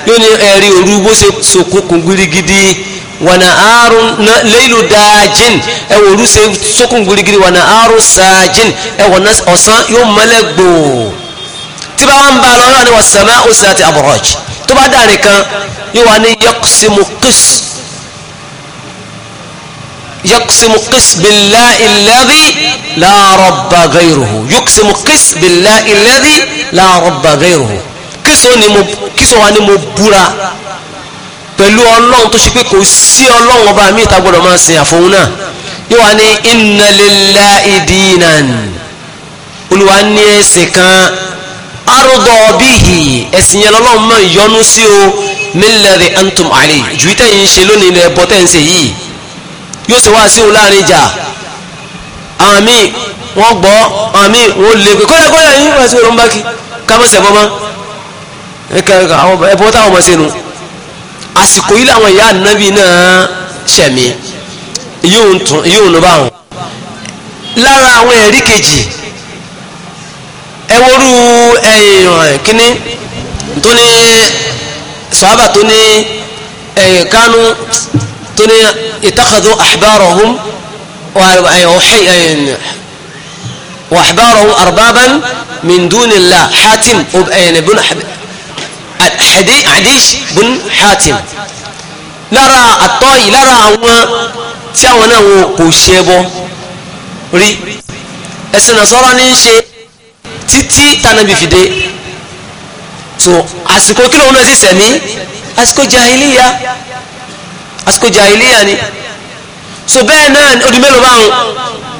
S1: yóò ní ẹ̀rí òru bó ṣe sokùnkùn gbirigidi wàna àrùn leilu dajin ẹ̀wọ̀ òru ṣe sokùnkùn gbirigidi wàna àrùn sajin ẹ̀wọ̀ ọ̀sán yóò mọ́lẹ̀ gbòò tí bá wọn bá lọ́wọ́ ni wọ́n sẹ́mẹ́ ó sì láti aburaj tó bá dà nìkan yóò wá ní yaqsimukis yaqsimukis billahi alladhi la rabba ghayruhu yaqsimukis billahi alladhi la rabba ghayruhu kíso wa ni mo búra pẹ̀lú ọlọ́run tó ṣe pé kò sí ọlọ́run ọba mi ìta gbọ́dọ̀ máa sìn àfọ̀hún náà yóò wá ní inna lillahi olùwà ní ẹsẹ̀ kan arúgbọ́ bíhì ẹ̀sìn yẹn lọ́lọ́run máa yọnu sí o mílẹ̀rì antum ali ju tẹ́ ń ṣe lónìí rẹ̀ bọ́ tẹ́ ń ṣe yìí yóò ṣe wá sí òun láàrin ìjà àwọn míì wọ́n gbọ́ àwọn míì wọ́n lè pé kọ́lẹ̀ kọ́lẹ̀ yìí wọ́n ṣe òun bá kí kámẹ́sẹ̀ bọ́ mọ́ ẹ̀bọ́ táwọn ọmọ ṣe nu àsìkò yìí làwọn ìyá ànábì náà ṣẹ̀mí yóò nù báwọn lára àwọn ẹ̀rí kejì ẹwọ́rú ẹ̀yìn kíní tó ní sàábà tó ní ẹ̀yìn kánú tó ní ìtàkàdó ahbarahum wa ahbarahum arbaban min dunillah hatim ẹ̀yìn bun adish bun hatim lára àtọ́ yìí lára àwọn tí àwọn náà kò ṣe ẹbọ rí ẹ̀sìn nàṣọ́rọ́ ní ṣe títí tànàbí fìdé so àsìkò kí lóun náà sì sẹ̀mí àsìkò jahiliya àsìkò jahiliya ni so bẹ́ẹ̀ náà odi mélòó báwọn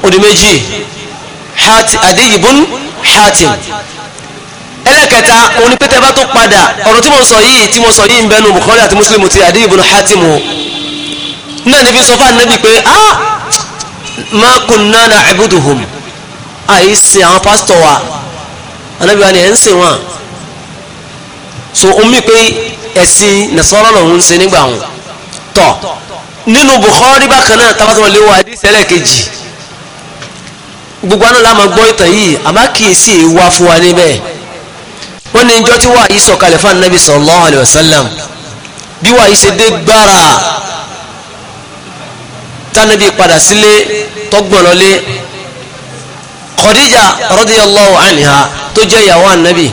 S1: odi méjì adéyìbún hatim ẹlẹ́kẹta òun ni pété bá tó padà ọ̀rọ̀ tí mo sọ yìí tí mo sọ yìí ń bẹnu bukhari àti muslim ti adéyìbún hatim o náà níbi sọ fún ànábì pé ah ma kunna na'buduhum àìsí àwọn pásítọ̀ wa anabi wa ni ẹ̀ ń sìn wọn so omi pé ẹ̀sìn nasọ́rọ́ lòun ń sìn nígbà wọn tọ̀ nínú Bukhari bákan náà tabatama lè wọ àdìsẹ́lẹ̀ kejì gbogbo àná la máa gbọ́ ìtàn yìí àmọ́ kìísì wá fún wa níbẹ̀ wọ́n ní ìjọ tí wà yìí sọ̀kalẹ̀ fún anabi sallallahu alayhi wa sallam bí wà yìí ṣe dé gbára tánàbí padà sílé tọ́gbọ̀n lọlé Khadija radiyallahu anha tó jẹ́ ìyàwó ànábì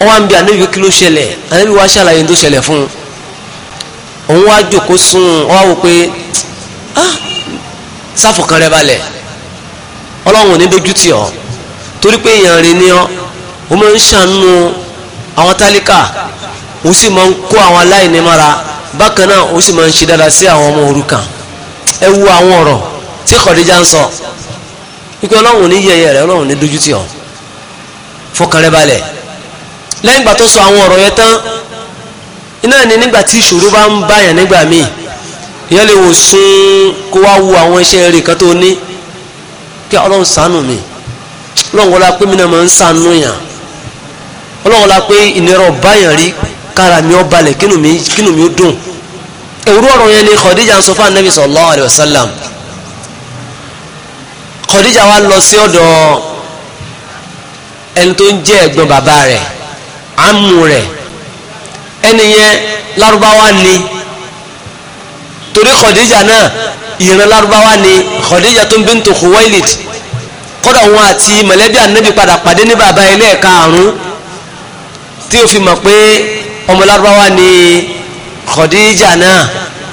S1: wọ́n wá ń bi ànábì kí ló ṣẹlẹ̀ ànábì wá ṣàlàyé tó ṣẹlẹ̀ fún un òun wá jòkó sùn wá wò pé ah sáfù kan rẹ balẹ̀ ọlọ́run ò ní dojú tì ọ́ torí pé èèyàn rè ni ọ́ ó máa ń ṣàánú àwọn tálíkà ó sì máa ń kó àwọn aláìní mára bákan náà ó sì máa ń ṣe dáadáa sí àwọn ọmọ òrukàn ẹ wo àwọn ọ̀rọ̀ tí Khadija ń sọ wípé ọlọ́run ò ní yẹ̀yẹ́ rẹ ọlọ́run ò ní dojú tì ọ́ fọkànrẹ́ balẹ̀ lẹ́yìn ìgbà tó sọ àwọn ọ̀rọ̀ yẹn tán iná ni nígbà tí ìṣòro bá ń báyàn nígbà míì ìyẹn lè wò sún kó wá wo àwọn iṣẹ́ rẹ̀ kan tó ní kí ọlọ́run ṣàánú mi ọlọ́run wọlá pé mi náà máa ń ṣàánú yàn ọlọ́run wọlá pé ìnira ọ̀báyàn rí kára mi ó balẹ̀ kínú mi ó dùn èrú ọ̀rọ̀ yẹn ni Khadija ń sọ fún anabi sallallahu alayhi wa sallam Khadija wa lọ sí ọ̀dọ̀ ẹni tó ń jẹ́ ẹ̀gbọ́n bàbá rẹ̀ àmú rẹ̀ ẹni yẹn lárúbáwá ni torí Khadija náà ìran lárúbáwá ni Khadija tó ń bintu Khuwailid kọ́dọ̀ wọn àti mọ̀lẹ́bí ànábì padà pàdé ní bàbá ilé ẹ̀ka àrùn tí o fi mọ̀ pé ọmọ lárúbáwá ni Khadija náà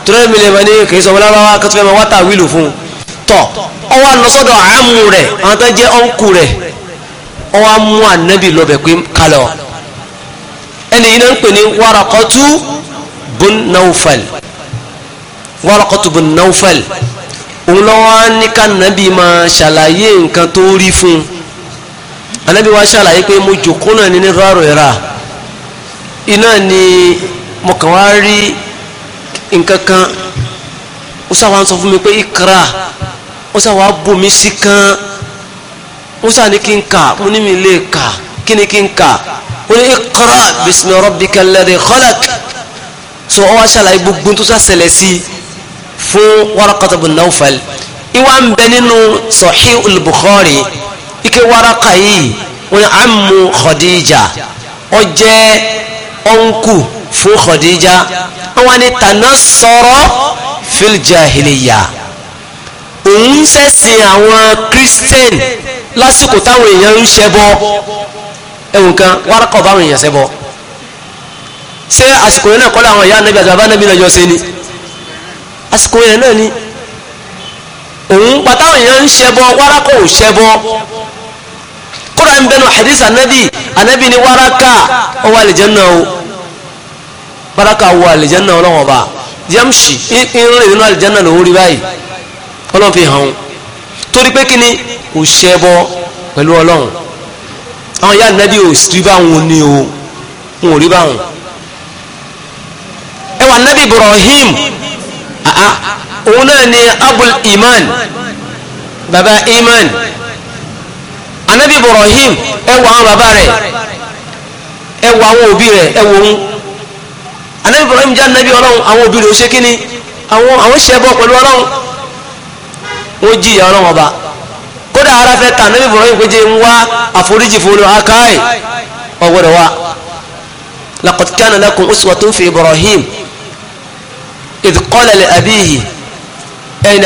S1: torí mi lè mọ ní kì í sọ ọmọ lárúbáwá kí wọ́n ti fẹ́ mọ wá tàwílù fún un tọ̀ ọ wá lọ àmú rẹ̀ àwọn tó jẹ́ ọ̀nkù rẹ̀ ọwọ́ mú ànábì lọ́bẹ̀ pé kálọ̀ ẹni yìí náà ń pè ní Waraqatu bun Nawfal Waraqatu bun Nawfal òun lọ́wọ́ ní kànábì máa ṣàlàyé nǹkan tó rí fún un ànábì wa ṣàlàyé pé mo jòkó náà ní rárò ìra iná ni mo kàn wá rí nǹkan kan ó sáwá ń sọ fún mi pé ìkra ó sáwá bù sí kan ó sà ní kí n kà mo ní mi lè kà kí ni kí n kà ó ní iqra bismi rabbikal ladhi khalaq so ọwọ́ ṣàlàyé gbogbo tó sàṣẹlẹ̀ sí fún Waraqata bin Nawfal ìwà ń bẹ nínú Sahihul Bukhari ike Waraqa yìí wọn amú Khadija ó jẹ́ ọ̀nkù fún Khadija àwọn ni tanassara fil jahiliya òun ṣẹ̀sìn àwọn Christian lásìkò táwọn èèyàn ń ṣẹbọ ẹ̀wùn kan wárakọ̀ báwọn èèyàn ṣẹbọ ṣé àsìkò yẹn náà kọ́lé àwọn ìyá anabi àti bàbá anabi náà jọ ṣe ni àsìkò yẹn náà ni òun pàtàwọn èèyàn ń ṣẹbọ wárakọ̀ ò ṣẹbọ kódà ń bẹnu hadith anabi anabi ni wáraka ó wà àlìjánnà o wáraka wọ àlìjánnà ọlọ́wọ́n ba yamshi ń rìn nínú àlìjánnà lòún rí báyìí ọlọ́run torí pé ni kò ṣẹbọ pẹ̀lú ọlọ́run àwọn ìyá ànábì ò sí rí báwọn ni o wọn ò rí báwọn ẹ wà ànábì Ibrahim òun náà ni abul iman baba iman ànábì Ibrahim ẹ wà àwọn baba rẹ ẹ wà àwọn òbí rẹ ẹ wò ń ànábì Ibrahim jẹ́ ànábì ọlọ́run àwọn òbí rẹ ò ṣe kíni àwọn àwọn ṣẹbọ pẹ̀lú ọlọ́run ó jìyà ọlọ́run ọba kódà ara fẹ́ tà níbi ìbòròyìn pé jẹ́ ń wá àforíjì fúnni akáì ọgbọ́dọ̀ wa laqad kana lakum uswatun fi ibrahim idh qala li abihi ẹ̀yìn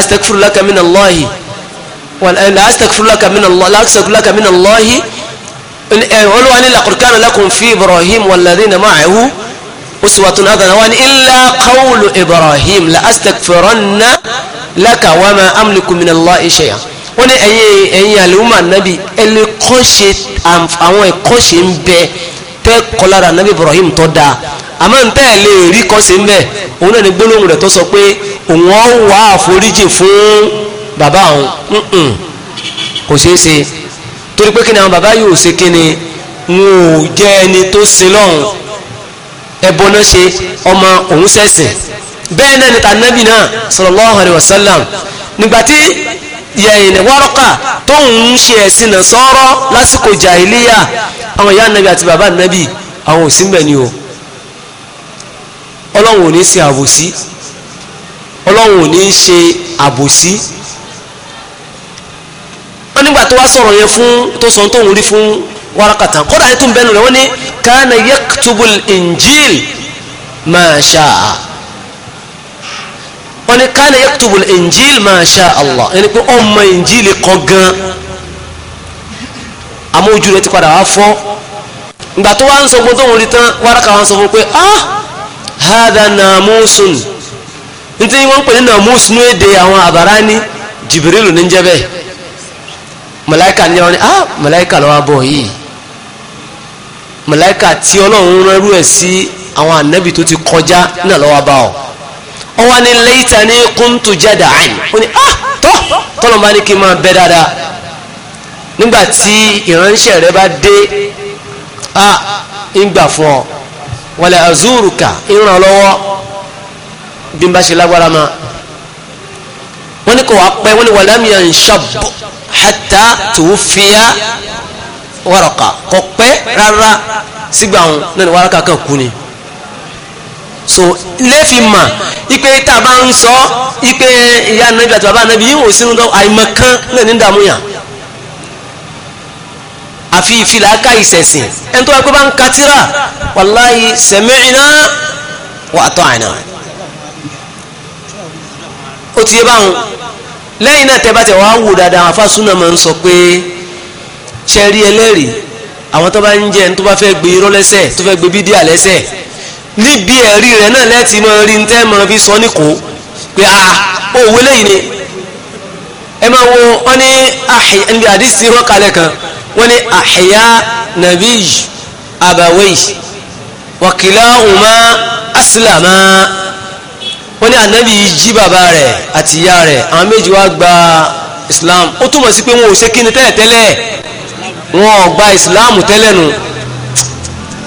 S1: astagfirulaka min allahi ẹ̀yìn astagfirulaka min allahi astagfirulaka min allahi ẹ̀yìn olúwa ni laqad kana fi ibrahim walladhina ma'ahu uswatun adana wa ni illa qawlu ibrahim la astaghfiranna laka wa ma amliku min allahi shay'a wọ́n ní ẹ̀yin ẹ̀yin àlùmọ́ ànábì ẹni kọ́ṣe àwọn ẹ̀kọ́ṣe ń bẹ tẹ́ kọ́lára ànábì Ibrahim tó dáa àmọ́ ń tẹ́ lè rí kọ́ṣe ń bẹ òun náà ní gbólóhùn rẹ̀ tó sọ pé òun ó wá àforíjì fún bàbá òun kò ṣeé ṣe torí pé kí ni àwọn bàbá yóò ṣe kí ni wọn ò jẹ́ ẹni tó sin lọ́hùn ẹbọ náà ṣe ọmọ òun sẹ́sìn bẹ́ẹ̀ náà ni tànàbì náà sallallahu alaihi wasallam nígbàtí yẹ̀yìn wárọ́kà tóun ń ṣe ẹ̀sìn náà sọ́rọ́ lásìkò jàhílíyà àwọn ìyá nàbì àti bàbá nàbì àwọn òsínbẹ̀ ni o ọlọ́run ò ní ṣe àbòsí ọlọ́run ò ní ṣe àbòsí wọ́n nígbà tó wá sọ̀rọ̀ yẹn fún tó sọ tóun rí fún warakatan kódà yìí tún bẹ́ẹ̀ lórí wọn ni kana yaktubul injil maṣá wọn ni kana yaktubul injil maṣá allah ẹni pé ọmọ injil kọ gan àmọ́ ojú rẹ ti padà wá fọ́ ìgbà tó wá ń sọ gbọ́dọ̀ wọn rí tán waraka wọn sọ fún pé ah hada namusun ntí wọ́n pè ní namusun ní èdè àwọn àbárá ni Jibrilu ní jẹ́ bẹ́ẹ̀ ní wọn ah màláíkà lọ́wọ́ bọ̀ yìí màláíkà tí ọlọ́run rẹ́rú ẹ̀ sí àwọn ànábì tó ti kọjá náà lọ́wọ́ bá ọ ọ wá ní lẹ́yìntà ní kúntù jáde àìn ó ní ah tọ́ tọ́lọ́ bá ní kí n máa bẹ dáadáa nígbà tí ìránṣẹ́ rẹ bá dé ah ń gbà fún ọ wàlẹ̀ azuruka ìran lọ́wọ́ bí n bá ṣe lágbára ma wọ́n ní kò wá pẹ́ wọ́n ní wàlámìyàn ṣàbọ̀ hàtà tó fìyà waraka kò pẹ́ rárá sígbà wọn náà ni waraka kan kú ni so lẹ́ẹ̀fì mà ipe tá a bá ń sọ ipe ìyá nàbí àti bàbá nàbí yìí wò sínú tó àìmọ̀ kan náà ní dààmú yàn àfi ìfìlà ká ìsẹ̀sìn ẹni tó wá pé bá ń katira wàláyé sẹ̀mẹ́ìnà wà tọ́ àìnà ó ti yé báwọn lẹ́yìn náà tẹ́ wá wò dáadáa àfa súnà máa ń sọ pé ṣẹ́rí ẹlẹ́rìí àwọn tó bá ń jẹ́ tó bá fẹ́ gbé irọ́ lẹ́sẹ̀ tó fẹ́ gbé bídíà lẹ́sẹ̀ níbi ẹ̀rí rẹ̀ náà lẹ́tì máa rí tẹ́ mọ̀ fi sọ ní kó pé a òwe lẹ́yìn ni ẹ máa wo wọ́n ní níbi àdìsí wọn kalẹ̀ kan wọ́n ní àhìyá nàbí àbàwẹ́yì wàkìlá ọ̀húnmá àsìlámà wọ́n ní ànábì jí bàbá rẹ̀ àti rẹ̀ àwọn méjì wá gba Islam ó túmọ̀ sí pé wọn ò ṣe kíni tẹ́lẹ̀tẹ́lẹ̀ wọn ò gba ìsìláàmù tẹ́lẹ̀ nù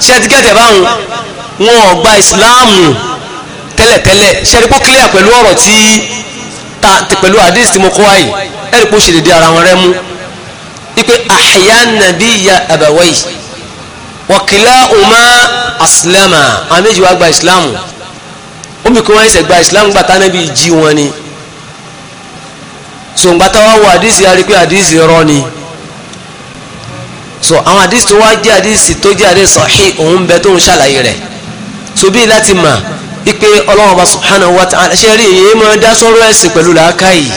S1: ṣẹ́tíkẹ́tẹ̀ báwọn wọn ò gba ìsìláàmù tẹ́lẹ̀tẹ́lẹ̀ ṣẹ́rípọ́ clear pẹ̀lú ọ̀rọ̀ tí ta pẹ̀lú hadith tí mo kọ́ wáyìí ẹ̀rípọ́ ṣe dédé ara wọn rẹ́ mú wípé àhìyá nàbí ya àbàwáyì wọ̀kìlá ọmọ asìlámà àwọn méjì wá gba ìsìláàmù omi kí wọ́n ṣe gba ìsìláàmù gbàtà níbi ìjì wọn ni sòǹgbàtà wá wọ hadith yàrá pé hadith rọ ni so àwọn àdìsí tó wá jẹ́ àdìsí tó jẹ́ àdìsí sọ̀hí òun bẹ tó ń ṣàlàyé rẹ̀ so bí láti mà ipe ọlọ́wọ́n bá subhanahu wa ta'ala ṣe rí èyí máa dá sọ́rọ́ ẹ̀sìn pẹ̀lú làákàyè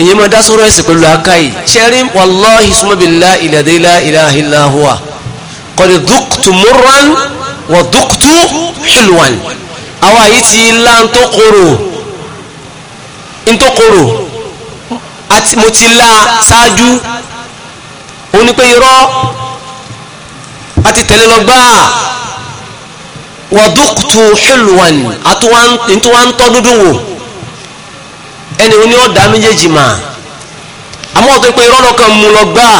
S1: èyí máa dá sọ́rọ́ ẹ̀sìn pẹ̀lú làákàyè ṣe rí wàláhi sùmọ́bìlá ìlàdé la ilaha illa huwa kọ́ni dùkùtù múran wà dùkùtù hìlùwàn àwa yìí ti la ntòkòrò ntòkòrò mo ti la ṣáájú òun ni pé irọ́ a ti tẹ̀lé lọ gbáà wàdúkùtù hìlùwàn àti wà ń tọ́ dúdú wò ẹni òun ni ọ̀dà méjèèjì mà àmọ́ ọ̀tọ́ pé irọ́ lọ́kàn mú lọ gbáà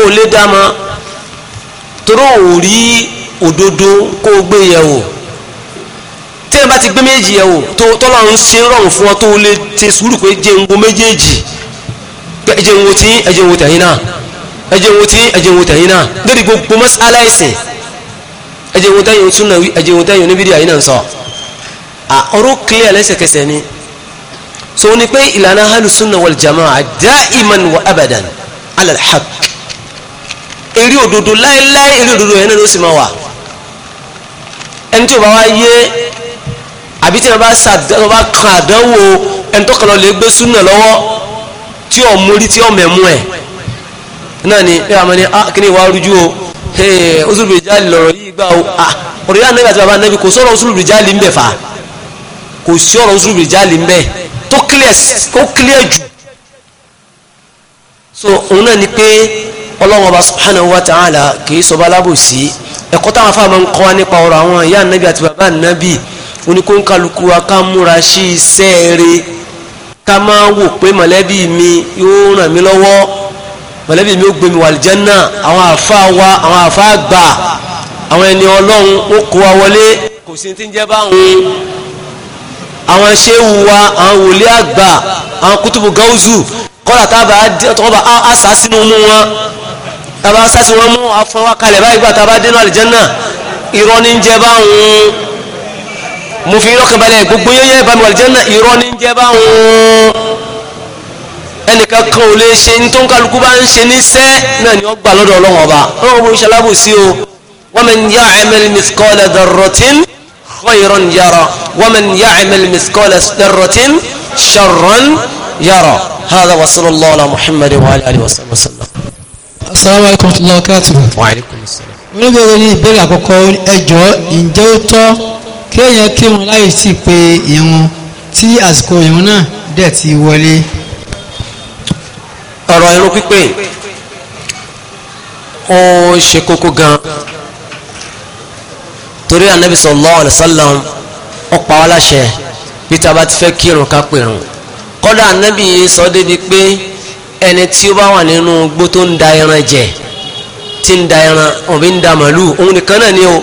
S1: ó lé dá ma toró ò rí òdodo kó o gbé yẹ̀ wò tí bá ti gbé méjì yẹ̀ wò tọ́lọ́ ń ṣe rọrùn fún ọ tó lè ṣe sùúrù pé jẹ́ ń gbó méjèèjì pé ẹjẹ́ wo tí ẹjẹ́ wo tẹ̀yìn náà ẹjẹ́ wo tí ẹjẹ́ wo tẹ̀yìn náà lórí gbogbo mọ́sálá ẹ̀sìn ẹjẹ́ wo tẹ̀yìn tún náà ẹjẹ́ wo tẹ̀yìn oníbídìí àyìn náà ń sọ ọ̀rọ̀ clear lẹ́sẹ̀kẹsẹ̀ ni so ní pé ìlànà ahlus-sunnah wal jamaa'ah da'iman wa abadan ala al-haqq eré òdodo láéláé eré òdodo yẹn ló sì máa wà ẹni tí o bá wá yé àbí tí wọn bá kan àdánwò ẹni tó kàn lọ lè gbé súnà lọ́wọ́ tí ò mórí tí ò mẹ̀mú ẹ̀ náà ni ẹ àmọ́ ni kí ni ìwà rújú o ọsùlùmí jáàlì lọ̀rọ̀ yìí gbà o ah, ọ̀rọ̀ yà nẹ́bí àti bàbá nẹ́bí kò sọ̀rọ̀ ọsùlùmí jáàlì ń bẹ̀ fà kò sí ọ̀rọ̀ ọsùlùmí jáàlì ń bẹ̀ tó clear jù so òun náà ni pé ọlọ́run ọba subhanahu wa ta'ala kì í sọba alábòsí ẹ̀kọ́ táwọn afáàmọ́ ń kọ́ wa nípa ọ̀rọ̀ àwọn ìyá nẹ́bí àti bàbá nẹ́bí oníkóńkálukú wa ká múra ká máa wò pé mọ̀lẹ́bí mi yóò ràn mí lọ́wọ́ mọ̀lẹ́bí mi ó gbé mi wà lìjánná àwọn àfa wa àwọn àfa àgbà àwọn ẹni ọlọ́run ó kó wa wọlé kò sí ti ń jẹ́ báwọn àwọn ṣéwù wa àwọn wòlé àgbà àwọn kútùbù gáúzù kọ́lá tábà tọ́ba àṣà sínú mú wọn tábà àṣà sínú wọn mú afọwọ́kalẹ̀ báyìí gbà tábà dénú àlìjánná ìrọ́ ní ń jẹ́ báwọn mo fi yọkàn balẹ̀ gbogbo yẹyẹ bami wàlìjẹ́nà irọ́ ní jẹ́ bá wọn ẹnìkan kan ò lè ṣe ní tó ń kálukú bá ń ṣe ní sẹ́ náà ni wọ́n gbà lọ́dọ̀ ọlọ́wọ́n ọba ọlọ́wọ́n bó ṣe alábòsí o waman ya'mal mithqala dharratin khayran yara waman ya'mal mithqala dharratin sharran yara hadha wa sallallahu ala muhammadin wa alihi wa sallam.
S2: asalaamu wa rahmatulahi wa barakatuh kéèyàn kírun láì tí pé ìrun tí àsìkò ìrun náà dẹ̀ ti wọlé. ọ̀rọ̀ irun pípé
S1: ó ṣe kókó gan torí anabi sallallahu alaihi wasallam ó pa wá láṣẹ bí tá a bá ti fẹ́ kírun ká pèrun kọ́dà anabi yìí sọ débi pé ẹni tí ó bá wà nínú igbó tó ń da ẹran jẹ tí ń da ẹran òbí ń da màlúù òun nìkan náà ni o.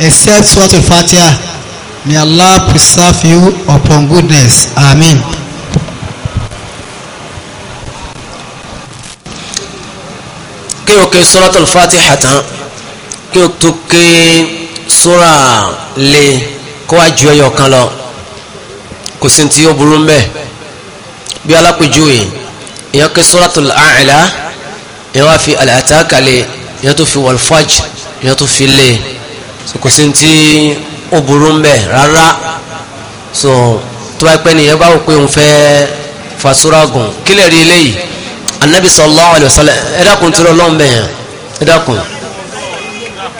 S2: except Surah Al-Fatiha. May Allah preserve you upon goodness. Amen. kí o
S1: ké Surah Al-Fatiha tán kí o tó ké sura lé kó wá ju ẹyọ kan lọ kò sí ti yóò burú mbẹ bí alápèjúwe èèyàn ké Suratul A'la èèyàn wá fi Al-Ataka lé tó fi wal fajr èèyàn tó fi lé so kò sí ti ó burú ń bẹ̀ so tó bá pẹ́ nìyẹn bá wò pé òun fẹ́ fasúra gùn kí anabi sallallahu alayhi wa sallam ẹ dákun tó lọ lọ́n bẹ̀yẹn ẹ dákun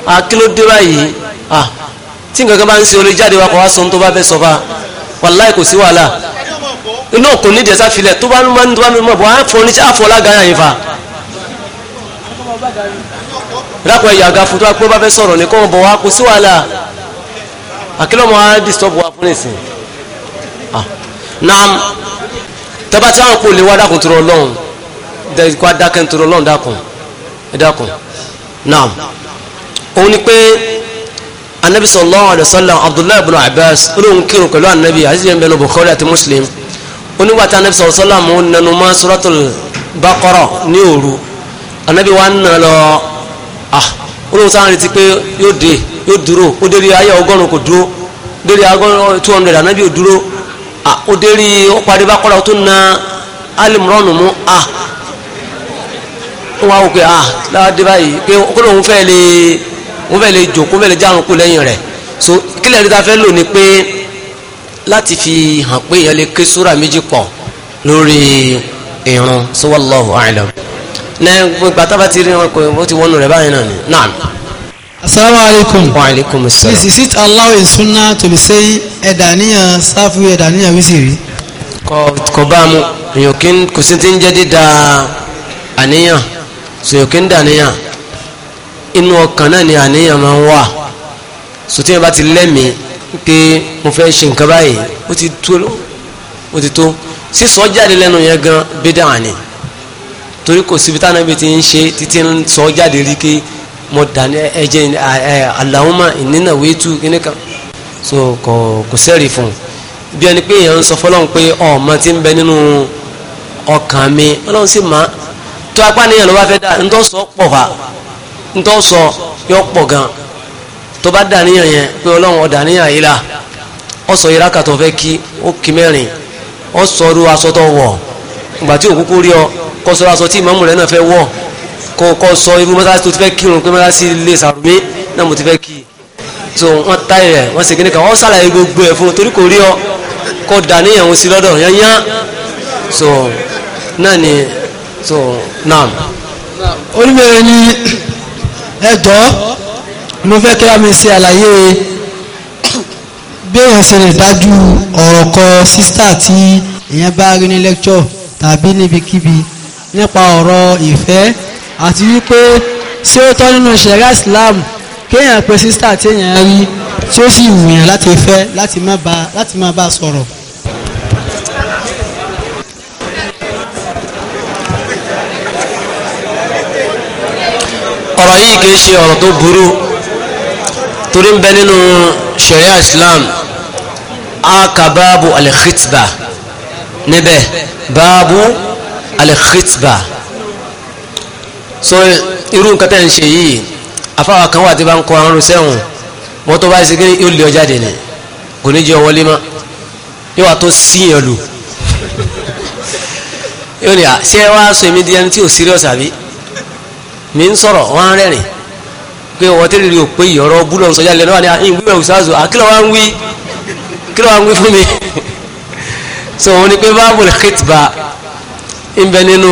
S1: a kí ló dé báyìí a tí nǹkan kan bá ń ṣe olè jáde wa kò wá sọ ohun tó bá fẹ́ sọ fa wàláì kò sí wàhálà inú kò ní ìdẹ́sà filẹ̀ tó bá ń mọ̀ bọ́ àfọ̀ oníṣẹ́ àfọ̀ lágàáyà fa dákọ̀ ẹ̀yà àga fún tó wá pé bá fẹ́ sọ̀rọ̀ ní kọ́mọ̀ bọ̀ wá kó sí wàhálà àkílọ́mọ̀ á disturb wa fún ìsìn naam tẹ́bá tí àwọn kò lè wá dákun tóró ọlọ́run kó a dákẹ́ tóró ọlọ́run dákun dákun naam òun ni pé anabi sallallahu alayhi wa sallam abdullahi ibn abbas olóhùn kírun pẹ̀lú anabi àti ìyẹn bẹ̀rù bukhari àti muslim onígbàtà anabi sallallahu alayhi wa sallam nanu ma suratul baqara ní òru anabi wa nà lọ ah olóhùn sáà ń retí pé yóò dé yóò dúró ó dérí ayé ọgọ́rùn kò dúró dérí ọgọ́rùn two hundred ànábì ò dúró ah ó dérí ó parí bá kọ́ra tó na alimrọ́ọ̀nù mú ah ó wá wò pé ah láwádé báyìí pé kó lóun fẹ́ lè òun fẹ́ lè jòkó fẹ́ lè járun kú lẹ́yìn rẹ̀ so kílẹ̀ rí ta fẹ́ lò ní pé láti fi hàn pé èèyàn lè ké sóra méjì pọ̀ lórí ìrun so wallahu a'lam náà gbogbo àtàbà ti rí wọn kò ti wọnú rẹ báyìí náà ni naam.
S2: asalaamualeykum wa aleykum salaam is it allowed in sunnah to be say, ẹ̀dàníyàn sáfù ẹ̀dàníyàn wíṣìrì. kò kò bá a
S1: mú èèyàn kí kò sí ti ń jẹ́ dídá àníyàn sèèyàn kí ń dàníyàn inú ọkàn náà ni àníyàn máa ń wà sòtí yẹn bá ti lẹ́mìí pé mo fẹ́ ṣe nǹkan báyìí ó ti tó ó ti tó sísọ jáde lẹ́nu yẹn gan bídà ni torí kò síbi táwọn ẹbí ti ń ṣe títí ń sọ jáde rí kí mo dání ẹjẹ Allahumma ìnínà wéétu kíní kan so kò kò sẹ́rì fún un bí ẹni pé èèyàn ń sọ fọlọ́n pé ọmọ ti ń bẹ nínú ọkàn mi ọlọ́run sì máa tó apá níyàn ló bá fẹ́ dá ntọ́ sọ pọ̀ wá ntọ́ sọ yọ pọ̀ gan tó bá dá níyàn yẹn pé ọlọ́run ọ̀dà níyàn yìí la ọ sọ yìí rákàtọ̀ fẹ́ kí ó kí mẹ́rin ọ sọ ọdún aṣọ wọ̀ ìgbà òkúkú rí ọ kó sọ aṣọ tí ìmọ̀mù rẹ̀ náà fẹ́ wọ̀ kó kó sọ irú mọ́tàsí tó ti fẹ́ kírun pé mọ́tàsí lè sàrùmí náà mo ti fẹ́ kí so wọ́n táyì rẹ̀ wọ́n sì kíni kan wọ́n sàlàyé gbogbo ẹ̀ fún un torí kò rí ọ kó dà níyàwó sí lọ́dọ̀ yányán so náà ni so naam. oníbẹ̀rẹ̀ ni
S2: ẹ̀dọ́ mo fẹ́ kí wàá mi ṣe àlàyé bí èèyàn ṣe lè dájú ọ̀rọ̀ kan sísítà tí èèyàn bá rí ní lẹ́kṣọ̀ tàbí níbikíbi nípa ọ̀rọ̀ ìfẹ́ àti wípé ṣé ó tọ́ nínú ṣẹ̀ríà Islam kéèyàn pe sísá téèyàn rí tí ó sì wùyàn láti fẹ́ láti má bá láti má bá sọ̀rọ̀.
S1: ọ̀rọ̀ yìí kìí ṣe ọ̀rọ̀ tó burú torí ń bẹ nínú ṣẹ̀ríà Islam a kà báàbù al-khitba níbẹ̀ báàbù alẹ́kìtìbà so irú nǹkan tẹ́ ń ṣe yìí afáwà kan wà tí bá ń kọ àrùn sẹ́wọ̀n wọ́n tó bá ṣe kí yóò lé ọjà dènì kò ní jẹ́ wọlé mọ́ yóò wà tó síyàn lù yóò ní à ṣé wàá sọ èmi di ẹni tí ò serious àbí mi ń sọ̀rọ̀ wọ́n á rẹ́rìn pé ọwọ́ tẹ́lẹ̀ rí o pé ìyọ̀rọ̀ búlọ̀ ń sọjá lẹ́nu wà ní ìwé òṣàzò àkílọ̀ wá ń wí *laughs* so òun ni pé nbẹ nínú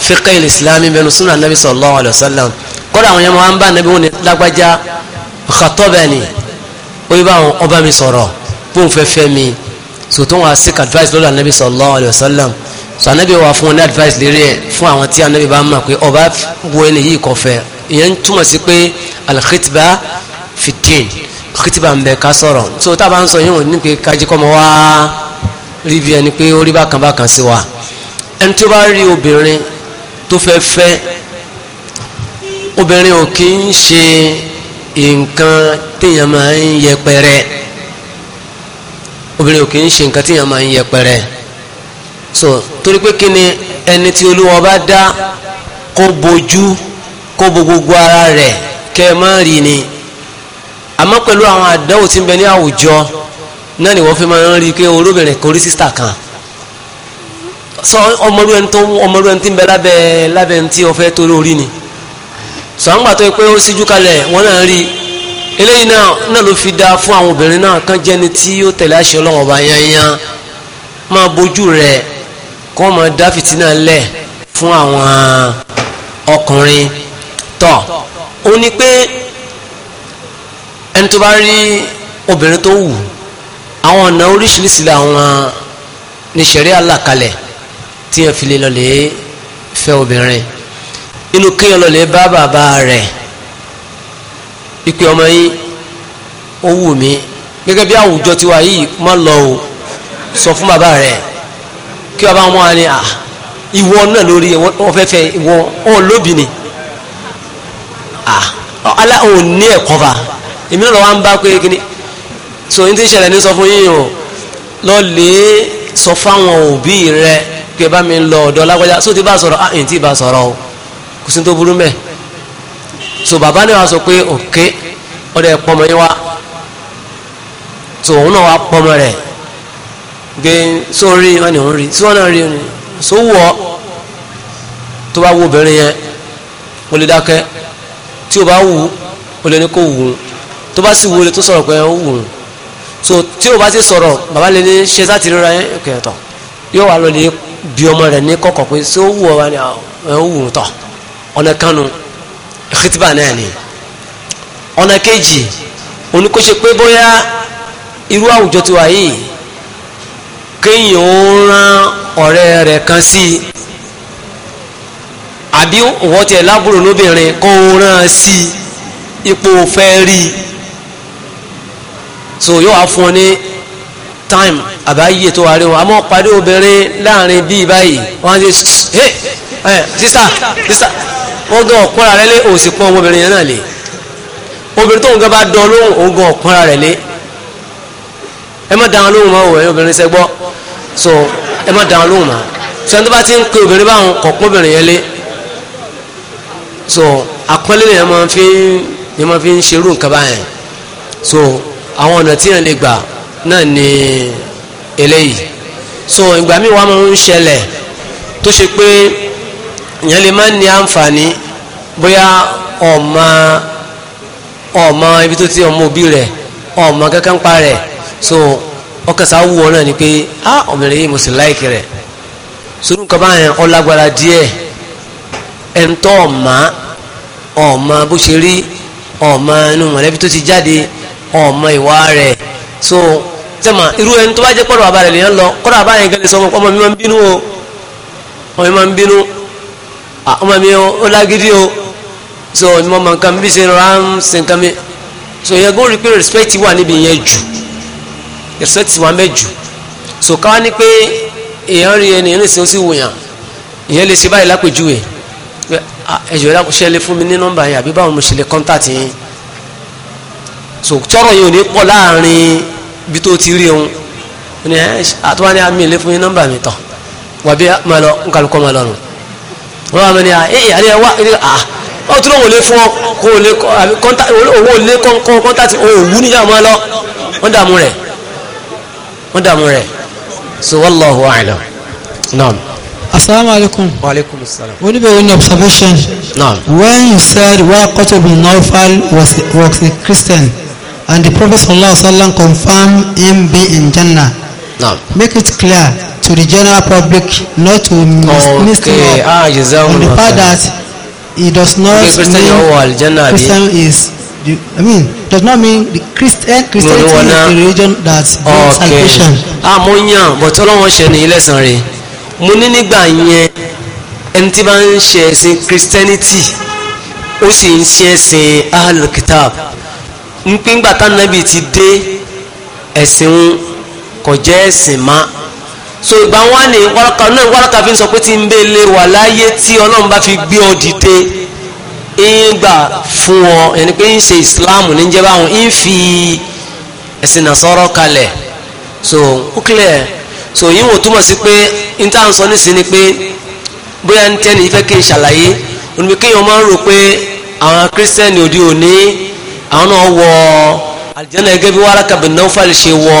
S1: fiqil islam nbẹ nínú sunan nabi sallallahu alayhi wa sallam kódà àwọn yẹn wọn bá nabi wọn ni lágbájá khatabani ó yẹ bá àwọn ọba mi sọ̀rọ̀ bóun fẹ́ fẹ́ mi sòtún wa seek advice lọ́dọ̀ anabi sallallahu alayhi wa sallam so anabi wa fún wọn advice liri ẹ fún àwọn tí anabi bá mọ̀ pé ọba wo ẹni yìí kọfẹ́ ìyẹn ń túmọ̀ sí pé alkhitba fitin khitba ń bẹ ká sọ̀rọ̀ so tá a bá ń sọ yín wọn ní pé kájí kọ́ mọ wá rí bí ẹni pé ó wa ẹni tí ó bá rí obìnrin tó fẹ́ fẹ́ obìnrin ò kí ń ṣe nǹkan téèyàn máa ń yẹpẹrẹ obìnrin ò kí ń ṣe nǹkan téèyàn máa ń yẹpẹrẹ so torí pé kí ni ẹni tí olúwa bá dá kó bojú kó bo gbogbo ara rẹ̀ kẹ́ ẹ má rí ni àmọ́ pẹ̀lú àwọn àdánwò tí ń bẹ ní àwùjọ náà ni wọ́n fi máa ń rí i pé olóbìnrin kò rí sísà kan sọ ọmọlúwẹ̀ ń tó ọmọlúwẹ̀ ń tí ń bẹ lábẹ́ lábẹ́ ń tí ọfẹ́ torí orí ni sọ àwọn gbàtọ́ pé ó síjú kalẹ̀ wọ́n náà rí eléyìí náà náà ló fi da fún àwọn obìnrin náà kán jẹ́ni tí ó tẹ̀lé àṣẹ Ọlọ́run ọba yanyan máa bójú rẹ̀ kó máa dá fìtínà lẹ̀ fún àwọn ọkùnrin tọ̀ ó ní pé ẹni tó bá rí obìnrin tó wù àwọn ọ̀nà oríṣiríṣi làwọn ní ṣẹ̀rí àlàkalẹ̀ tíyẹn fi lè lọlẹ́ fẹ́ obìnrin nínú kéèyàn lọlẹ́ bá bàbá rẹ̀ ipe ọmọ yìí ó wù mí gẹ́gẹ́ bí àwùjọ tiwa yìí má lọ o sọ fún bàbá rẹ̀ kí bàbá wọn wá ní à ah, ìwọ náà lórí ọfẹ́fẹ́ ìwọ ọ lóbi ni à ah, alá ò ní ẹ̀kọ́ bá èmi náà lọ wá ń bá pé kí so ní ti ṣẹlẹ̀ ní sọ fún yín o lọ lè sọ fáwọn òbí rẹ̀ pé bá mi lọ ọ̀dọ̀ lágbájá só ti bá sọ̀rọ̀ ah ǹtí bá sọ̀rọ̀ o kò sí tó burú so bàbá náà wá sọ pé òkè ọ̀dọ̀ ẹ̀ pọmọ yín wá so òun náà wá pọmọ rẹ̀ gbé sórí wọn ni òun rí tí wọn náà rí ni so wọ tó bá wo obìnrin yẹn mo lè dákẹ́ tí o bá wù o lè ní kó wù ú tó bá sì wù ú lè tó sọ̀rọ̀ pé ó wù ú so tí o bá ti sọ̀rọ̀ bàbá lè ní ṣe sátìrìra yẹn kẹ̀tọ̀ yóò wà lọ́ọ́ lè bí ọmọ rẹ̀ ní kọ̀kọ̀ pé ṣé ó wù ọ wá ni ah, ẹ ó wù ú tọ̀ ọ̀nà kanu ìkìtìbà náà ni ọ̀nà kejì oníkóṣe pé bóyá irú àwùjọ ti wà yìí kéèyàn ó rán ọ̀rẹ́ rẹ̀ kan sí i àbí òwò tiẹ̀ lábúrò lóbìnrin kó o rán an sí ipò fẹ́ rí so yóò wá fún ọ ní time àbáyé tó wà rí wọn àmọ́ pàdé obìnrin láàrin bíi báyìí wọ́n á ṣe ṣe ẹ sísá sísá wọ́n gan ọ̀pọ̀ra rẹ lé òsì pọ́n ọmọbìnrin yẹn náà lé obìnrin tóun gan bá dán lóhùn òun gan ọ̀pọ̀ra rẹ lé ẹ má dáhùn lóhùn máa wò ẹ obìnrin sẹ́gbọ́ so ẹ má dáhùn lóhùn máa so ẹni tó bá ti ń pe obìnrin báwọn kọ̀ọ̀pọ̀ obìnrin yẹn lé so àpọ́nlé ni ẹ máa fi ni máa fi ń ṣerú nǹkan báyẹn so àwọn ọ̀nà tí yẹn lè gbà náà ni eléyìí so ìgbà míì wàá máa ń ṣẹlẹ̀ tó ṣe pé ìyẹn lè má ní àǹfààní bóyá ọmọ ọmọ ibi tó ti ọmọ òbí rẹ̀ ọmọ kankan rẹ̀ so ọkàn sáà wù ọ náà ni pé ah ọmọbìnrin yìí mo sì láìkì rẹ̀ sórí nǹkan báyẹn ọlágbára díẹ̀ ẹ̀ńtọ́ ọ̀mà ọ̀mà bó ṣe rí ọ̀mà inú mọ̀lẹ́bí tó ti jáde ọ̀mà ìwà rẹ̀ so sẹ́mà irú ẹni tó bá jẹ́ kọ́dọ̀ àbálẹ̀ lèyàn lọ kọ́dọ̀ àbálẹ̀ gẹ́lẹ́ sọ ọmọ mi máa ń bínú o ọmọ mi máa ń bínú ọmọ mi ó lágídí o so ni mo máa ń bí ṣe rọra ń ṣe nǹkan mi so yẹ kó rí pé respect wà níbi yẹn jù respect wà mẹ́ jù so káwá ní pé èèyàn rí ẹni ẹni sẹ́wọ́n sì wòyàn ìyẹn lè ṣe báyìí lápèjúwe ẹ̀jọ̀ ẹ̀dá kò ṣe lè fún mi ní nọ́mbà yẹn àbí báwọn mo ṣe lè contact yín so tọrọ yìí ò ní pọ̀ láàrin bí tó ti rí òun ní ẹ àtúwá ní àmì ah, ilé fún yín nọ́mbà mi tán wà bí ah, máa lọ ń kálukọ́ máa lọ́rùn wọ́n wà ní à ẹ àlẹ́ ẹ wá ẹ à ah, ó tún òun ò fún ọ kó o lè kọ́ńtà owó ò lè tí òun níjà máa lọ wọ́n dààmú rẹ̀ wọ́n dààmú rẹ̀ so wallahu a'lam
S2: naam. Assalamualaikum. Waalaikum assalam. What about an observation? No. When you said Waqatu bin Nawfal was, was a Christian, And the Prophet ﷺ confirm him be in Jannah. Now, make it clear to the general public not to mis okay. mislead ah, on the fact that he does not okay, Christian mean Christian is I mean does not mean the Christian Christianity no, no, is the religion that brings okay. salvation.
S1: Ah, mo yàn bọ̀ tọ́lọ́wọ́n ṣe ní ilé ẹ̀sán mo ní nígbà yẹn ẹni tí bá ń ṣe ẹ̀sìn Christianity ó sì ń ṣe ẹ̀sìn ahlul kitab wípé ńgbà tánàbì ti dé ẹ̀sìn kò ẹ̀sìn má so ìgbà wọn ni wàràkà náà wàràkà fi ń sọ pé tí ń bẹ́lẹ̀ wà láyé tí ọlọ́run bá fi gbé ọ dìde ń fún ọ ẹni pé ń ṣe islam ní jẹ́ báwọn ń fi ẹ̀sìn nàṣọ́rọ́ kalẹ̀ so ó clear so yìí wò túmọ̀ sí pé n tá sọ nísìnyí ni pé bóyá ń tẹ́ni ìfẹ́ kí n ṣàlàyé onímọ̀ kéèyàn máa ń rò pé àwọn kírísítẹ́nì òde òní àwọn náà wọ àlìjánà gẹ́gẹ́ bí Waraka bin Nawfal ṣe wọ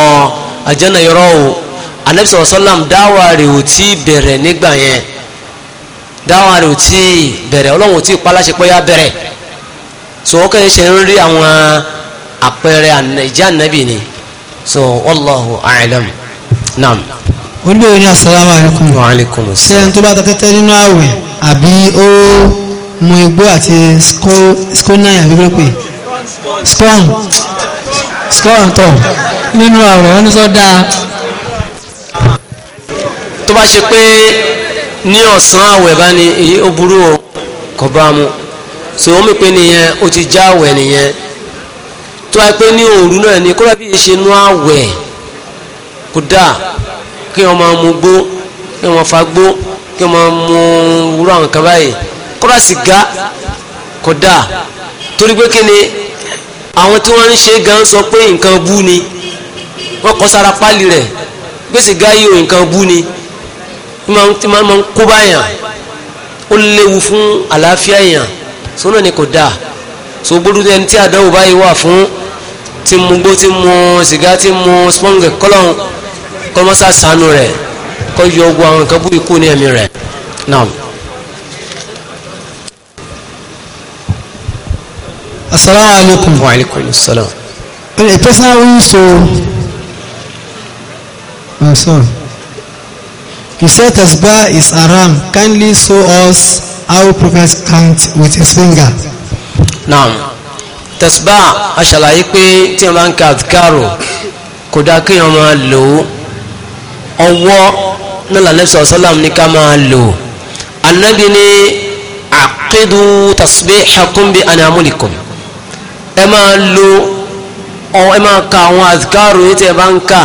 S1: àlìjánà yọrọ o anabi sọ̀rọ̀ sọ́làm dáwà rẹ̀ ò tí bẹ̀rẹ̀ nígbà yẹn dáwà rẹ̀ ò tí bẹ̀rẹ̀ ọlọ́run ò tí paláṣẹ pé yá bẹ̀rẹ̀ so wọ́n kẹ́yìn ṣe ń rí àwọn àpẹẹrẹ ìjà ànábì ni so wallahu a'lam naam.
S2: oníbẹ̀rẹ̀ ní asalaamu alaykum. wa alaykum salaam. ṣé ẹni tó bá ta tẹ́tẹ́ nínú àwẹ̀ àbí ó mu igbó àti skó náà àbí pé strong strong tọ̀ nínú àwẹ̀ wọn ní sọ dáa.
S1: tó bá ṣe pé ní ọ̀sán àwẹ̀ bá ní èyí ó burú o kò bá mu so mi pé nìyẹn ó ti já àwẹ̀ nìyẹn tó wá pé ní òru náà ni kó lábí ṣe nú àwẹ̀ kò dáa kí wọ́n máa mu gbó kí wọ́n máa fa gbó kí wọ́n máa mu wúrọ̀ àwọn báyìí kó bá sì ga kò dáa torí pé kí ni àwọn tí wọ́n ń ṣe gan sọ pé nǹkan bú ni wọ́n kọ́ sára pálí rẹ̀ gbèsè gáyé o nǹkan bú ni tí máa ń kó báyàn ó léwu fún àlàáfíà èèyàn sọ́nà ni kò dáa so gbódúdú ẹni tí àdánwò báyìí wà fún tí mu gbó tí mu sìgá tí mu spọ́ǹgì kọ́lọ́n kọ́mọ́sá sànù rẹ̀ kọ́ yọ ogun àwọn nǹkan bú ikú ní ẹ̀mí rẹ̀ náà.
S2: Assalamualaikum. Waalaikumsalam. A person who so, I'm sorry. You said tasbah is haram. Kindly show us how prophet count with his finger.
S1: Naam. Tasbah a ṣàlàyé pé tí wọ́n bá ń ka àdìkárò kò dáa kí wọ́n máa lò ó. Ọwọ́ náà lànà sọ̀rọ̀ sọ́làm ní ká máa lò. Ànábì ní àkídù tasbihakum bi anamulikum ẹ máa lo ẹ máa ka àwọn àtikáàrò yìí tẹ́ ẹ bá ń kà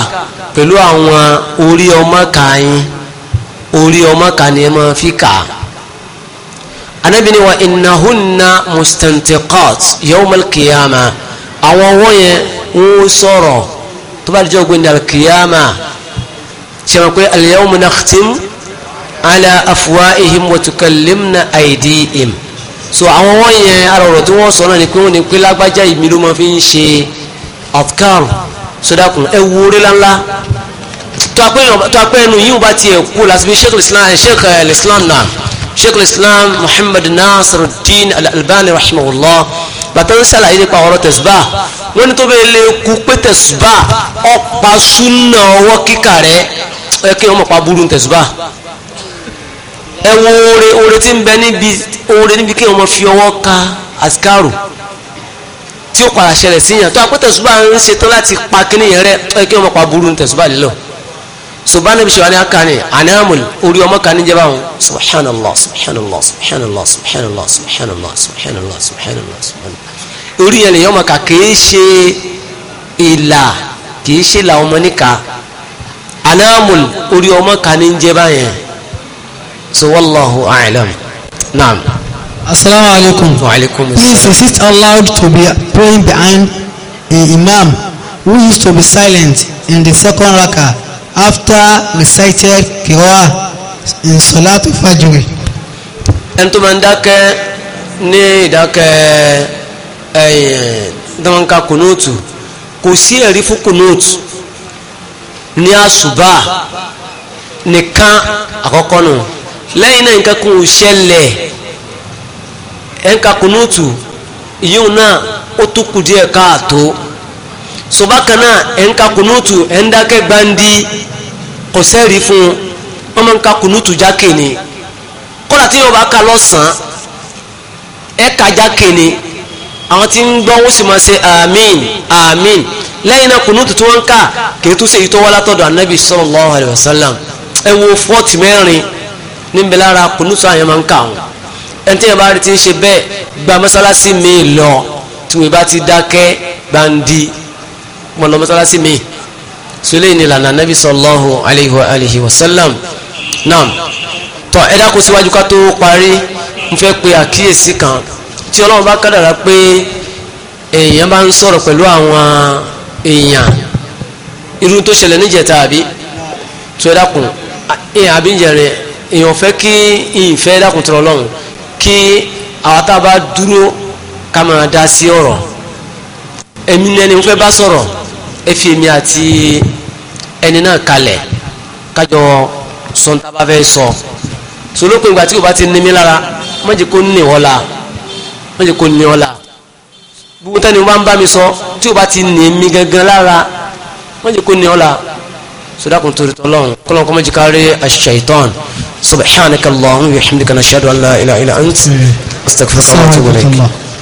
S1: pẹ̀lú àwọn orí ọmọ kàáyín orí ọmọ kà ni ẹ máa fi kà á anabi ni wa innahunna mustantiqat yawmal qiyama àwọn ọwọ́ yẹn ń sọ̀rọ̀ tó bá dijọ́ gbẹ̀ndẹ̀ alkiyama ṣe pé al nakhtim ala afwaihim wa tukallimna aydihim so àwọn wọn yẹn ara ọ̀rọ̀ tí wọ́n sọ náà ni pé wọ́n ní pé lágbájá ìmí ló máa fi ń ṣe afkar sódàkùn ẹ wo orí láńlá tó apẹ́ ẹnu yìí wọ́n bá tiẹ̀ kú lásìkò sheikh islam sheikh islam náà sheikh islam muhammad nasiruddin al-albani rahimahullah bàtà ń sàlàyé nípa ọ̀rọ̀ tẹ̀sùbà wọ́n ní tó bẹ́ẹ̀ lé kú pé tẹ̀sùbà ọ̀pá súnà ọwọ́ kíkà rẹ̀ ẹ kí wọ́n mọ̀ pa burú tẹ̀sùbà ẹ wo oore oore tí ń bẹ níbi oore níbi kí wọn fi ọwọ́ ka àsìkárò tí ó padà ṣẹlẹ̀ sí yàn tó apẹ́ tẹ̀sùbà ń ṣetán láti pa kíní yẹn rẹ ẹ kí wọn pa burú tẹ̀sùbà lílọ subhana bi shawani akani anamul orí ọmọ kan níjẹba wọn subhanallah subhanallah subhanallah subhanallah subhanallah subhanallah subhanallah subhanallah orí yẹn lèyàn ọmọ kà kìí ṣe ìlà kìí ṣe ìlà ọmọ níka anamul orí ọmọ kan níjẹba
S2: yẹn so wallahu a'lam naam. assalamu alaikum alaykum salaam. please is it allowed to be praying behind an imam who used to be silent in the second rakah after recited qira'ah in salatu fajr.
S1: ẹni tó máa ń dákẹ́ ní ìdákẹ́ ẹ̀yìn tó máa ń ka kò sí ẹ̀rí fún kùnúùtù ní àṣùbà nìkan àkọ́kọ́ nù. No lẹ́yìn náà nǹkan kan ò ṣẹlẹ̀ ẹ̀ǹkà kùnúùtù ìyóò náà ó tó kù díẹ̀ káàtó sọ̀bákan náà ẹ̀ǹkà kùnúùtù ẹ̀ǹdákẹ́ gbandi kò sẹ́ẹ̀rí fún wọn máa ń ka kùnúùtù jákè ni kódà tí yóò bá ka lọ́sàn-án ẹ̀ka jákè ni àwọn tí ń gbọ́ wọ́n sì máa ṣe àmín àmín lẹ́yìn náà kùnúùtù tí wọ́n ń kà kì í tún ṣe èyí tó anábì sallallahu alaihi wasallam ẹ wo fọ́ọ̀tì mẹ́rin níbi lára kùnúsù àyàn máa ń kà wọn ẹni tí yẹn bá rí ti ń ṣe bẹ́ẹ̀ gba mọ́sálásí mi lọ tí wọ́n bá ti dákẹ́ gbandi wọn lọ mọ́sálásí mi sọlẹ́ ní ìlànà nabi sallallahu alayhi wa alihi wa sallam naam tọ ẹ dákun síwájú ká tó parí n fẹ́ pe àkíyèsí kan tí ọlọ́run bá kádàrá pé èèyàn bá ń sọ̀rọ̀ pẹ̀lú àwọn èèyàn irú tó ṣẹlẹ̀ níjẹ̀ta àbí tó ẹ dákun èèyàn àbí ń jẹ̀rẹ̀ èèyàn fẹ́ kí ìfẹ́ dákùntàn ọlọ́run kí àwọn tá a bá dúró ká máa dá sí ọ̀rọ̀ èmi ni ẹni ń fẹ́ bá sọ̀rọ̀ ẹ fi èmi àti ẹni náà kalẹ̀ kájọ sọ ní tá a bá fẹ́ sọ solókun ìgbà tí o bá ti ní mi lára má jẹ́ ní ọ̀la má jẹ́ ní ọ̀la gbogbo tani o bá ń bá mi sọ tí o bá ti ní mi gangan lára má jẹ́ ní ọ̀la sodakun torí tọ́lọ́run kọ́lọ́n kọ́mọ́ jí kárí ash-shaytan
S4: subhanakallahumma wa bihamdika nashhadu an la ilaha illa anta astaghfiruka wa atubu ilayk.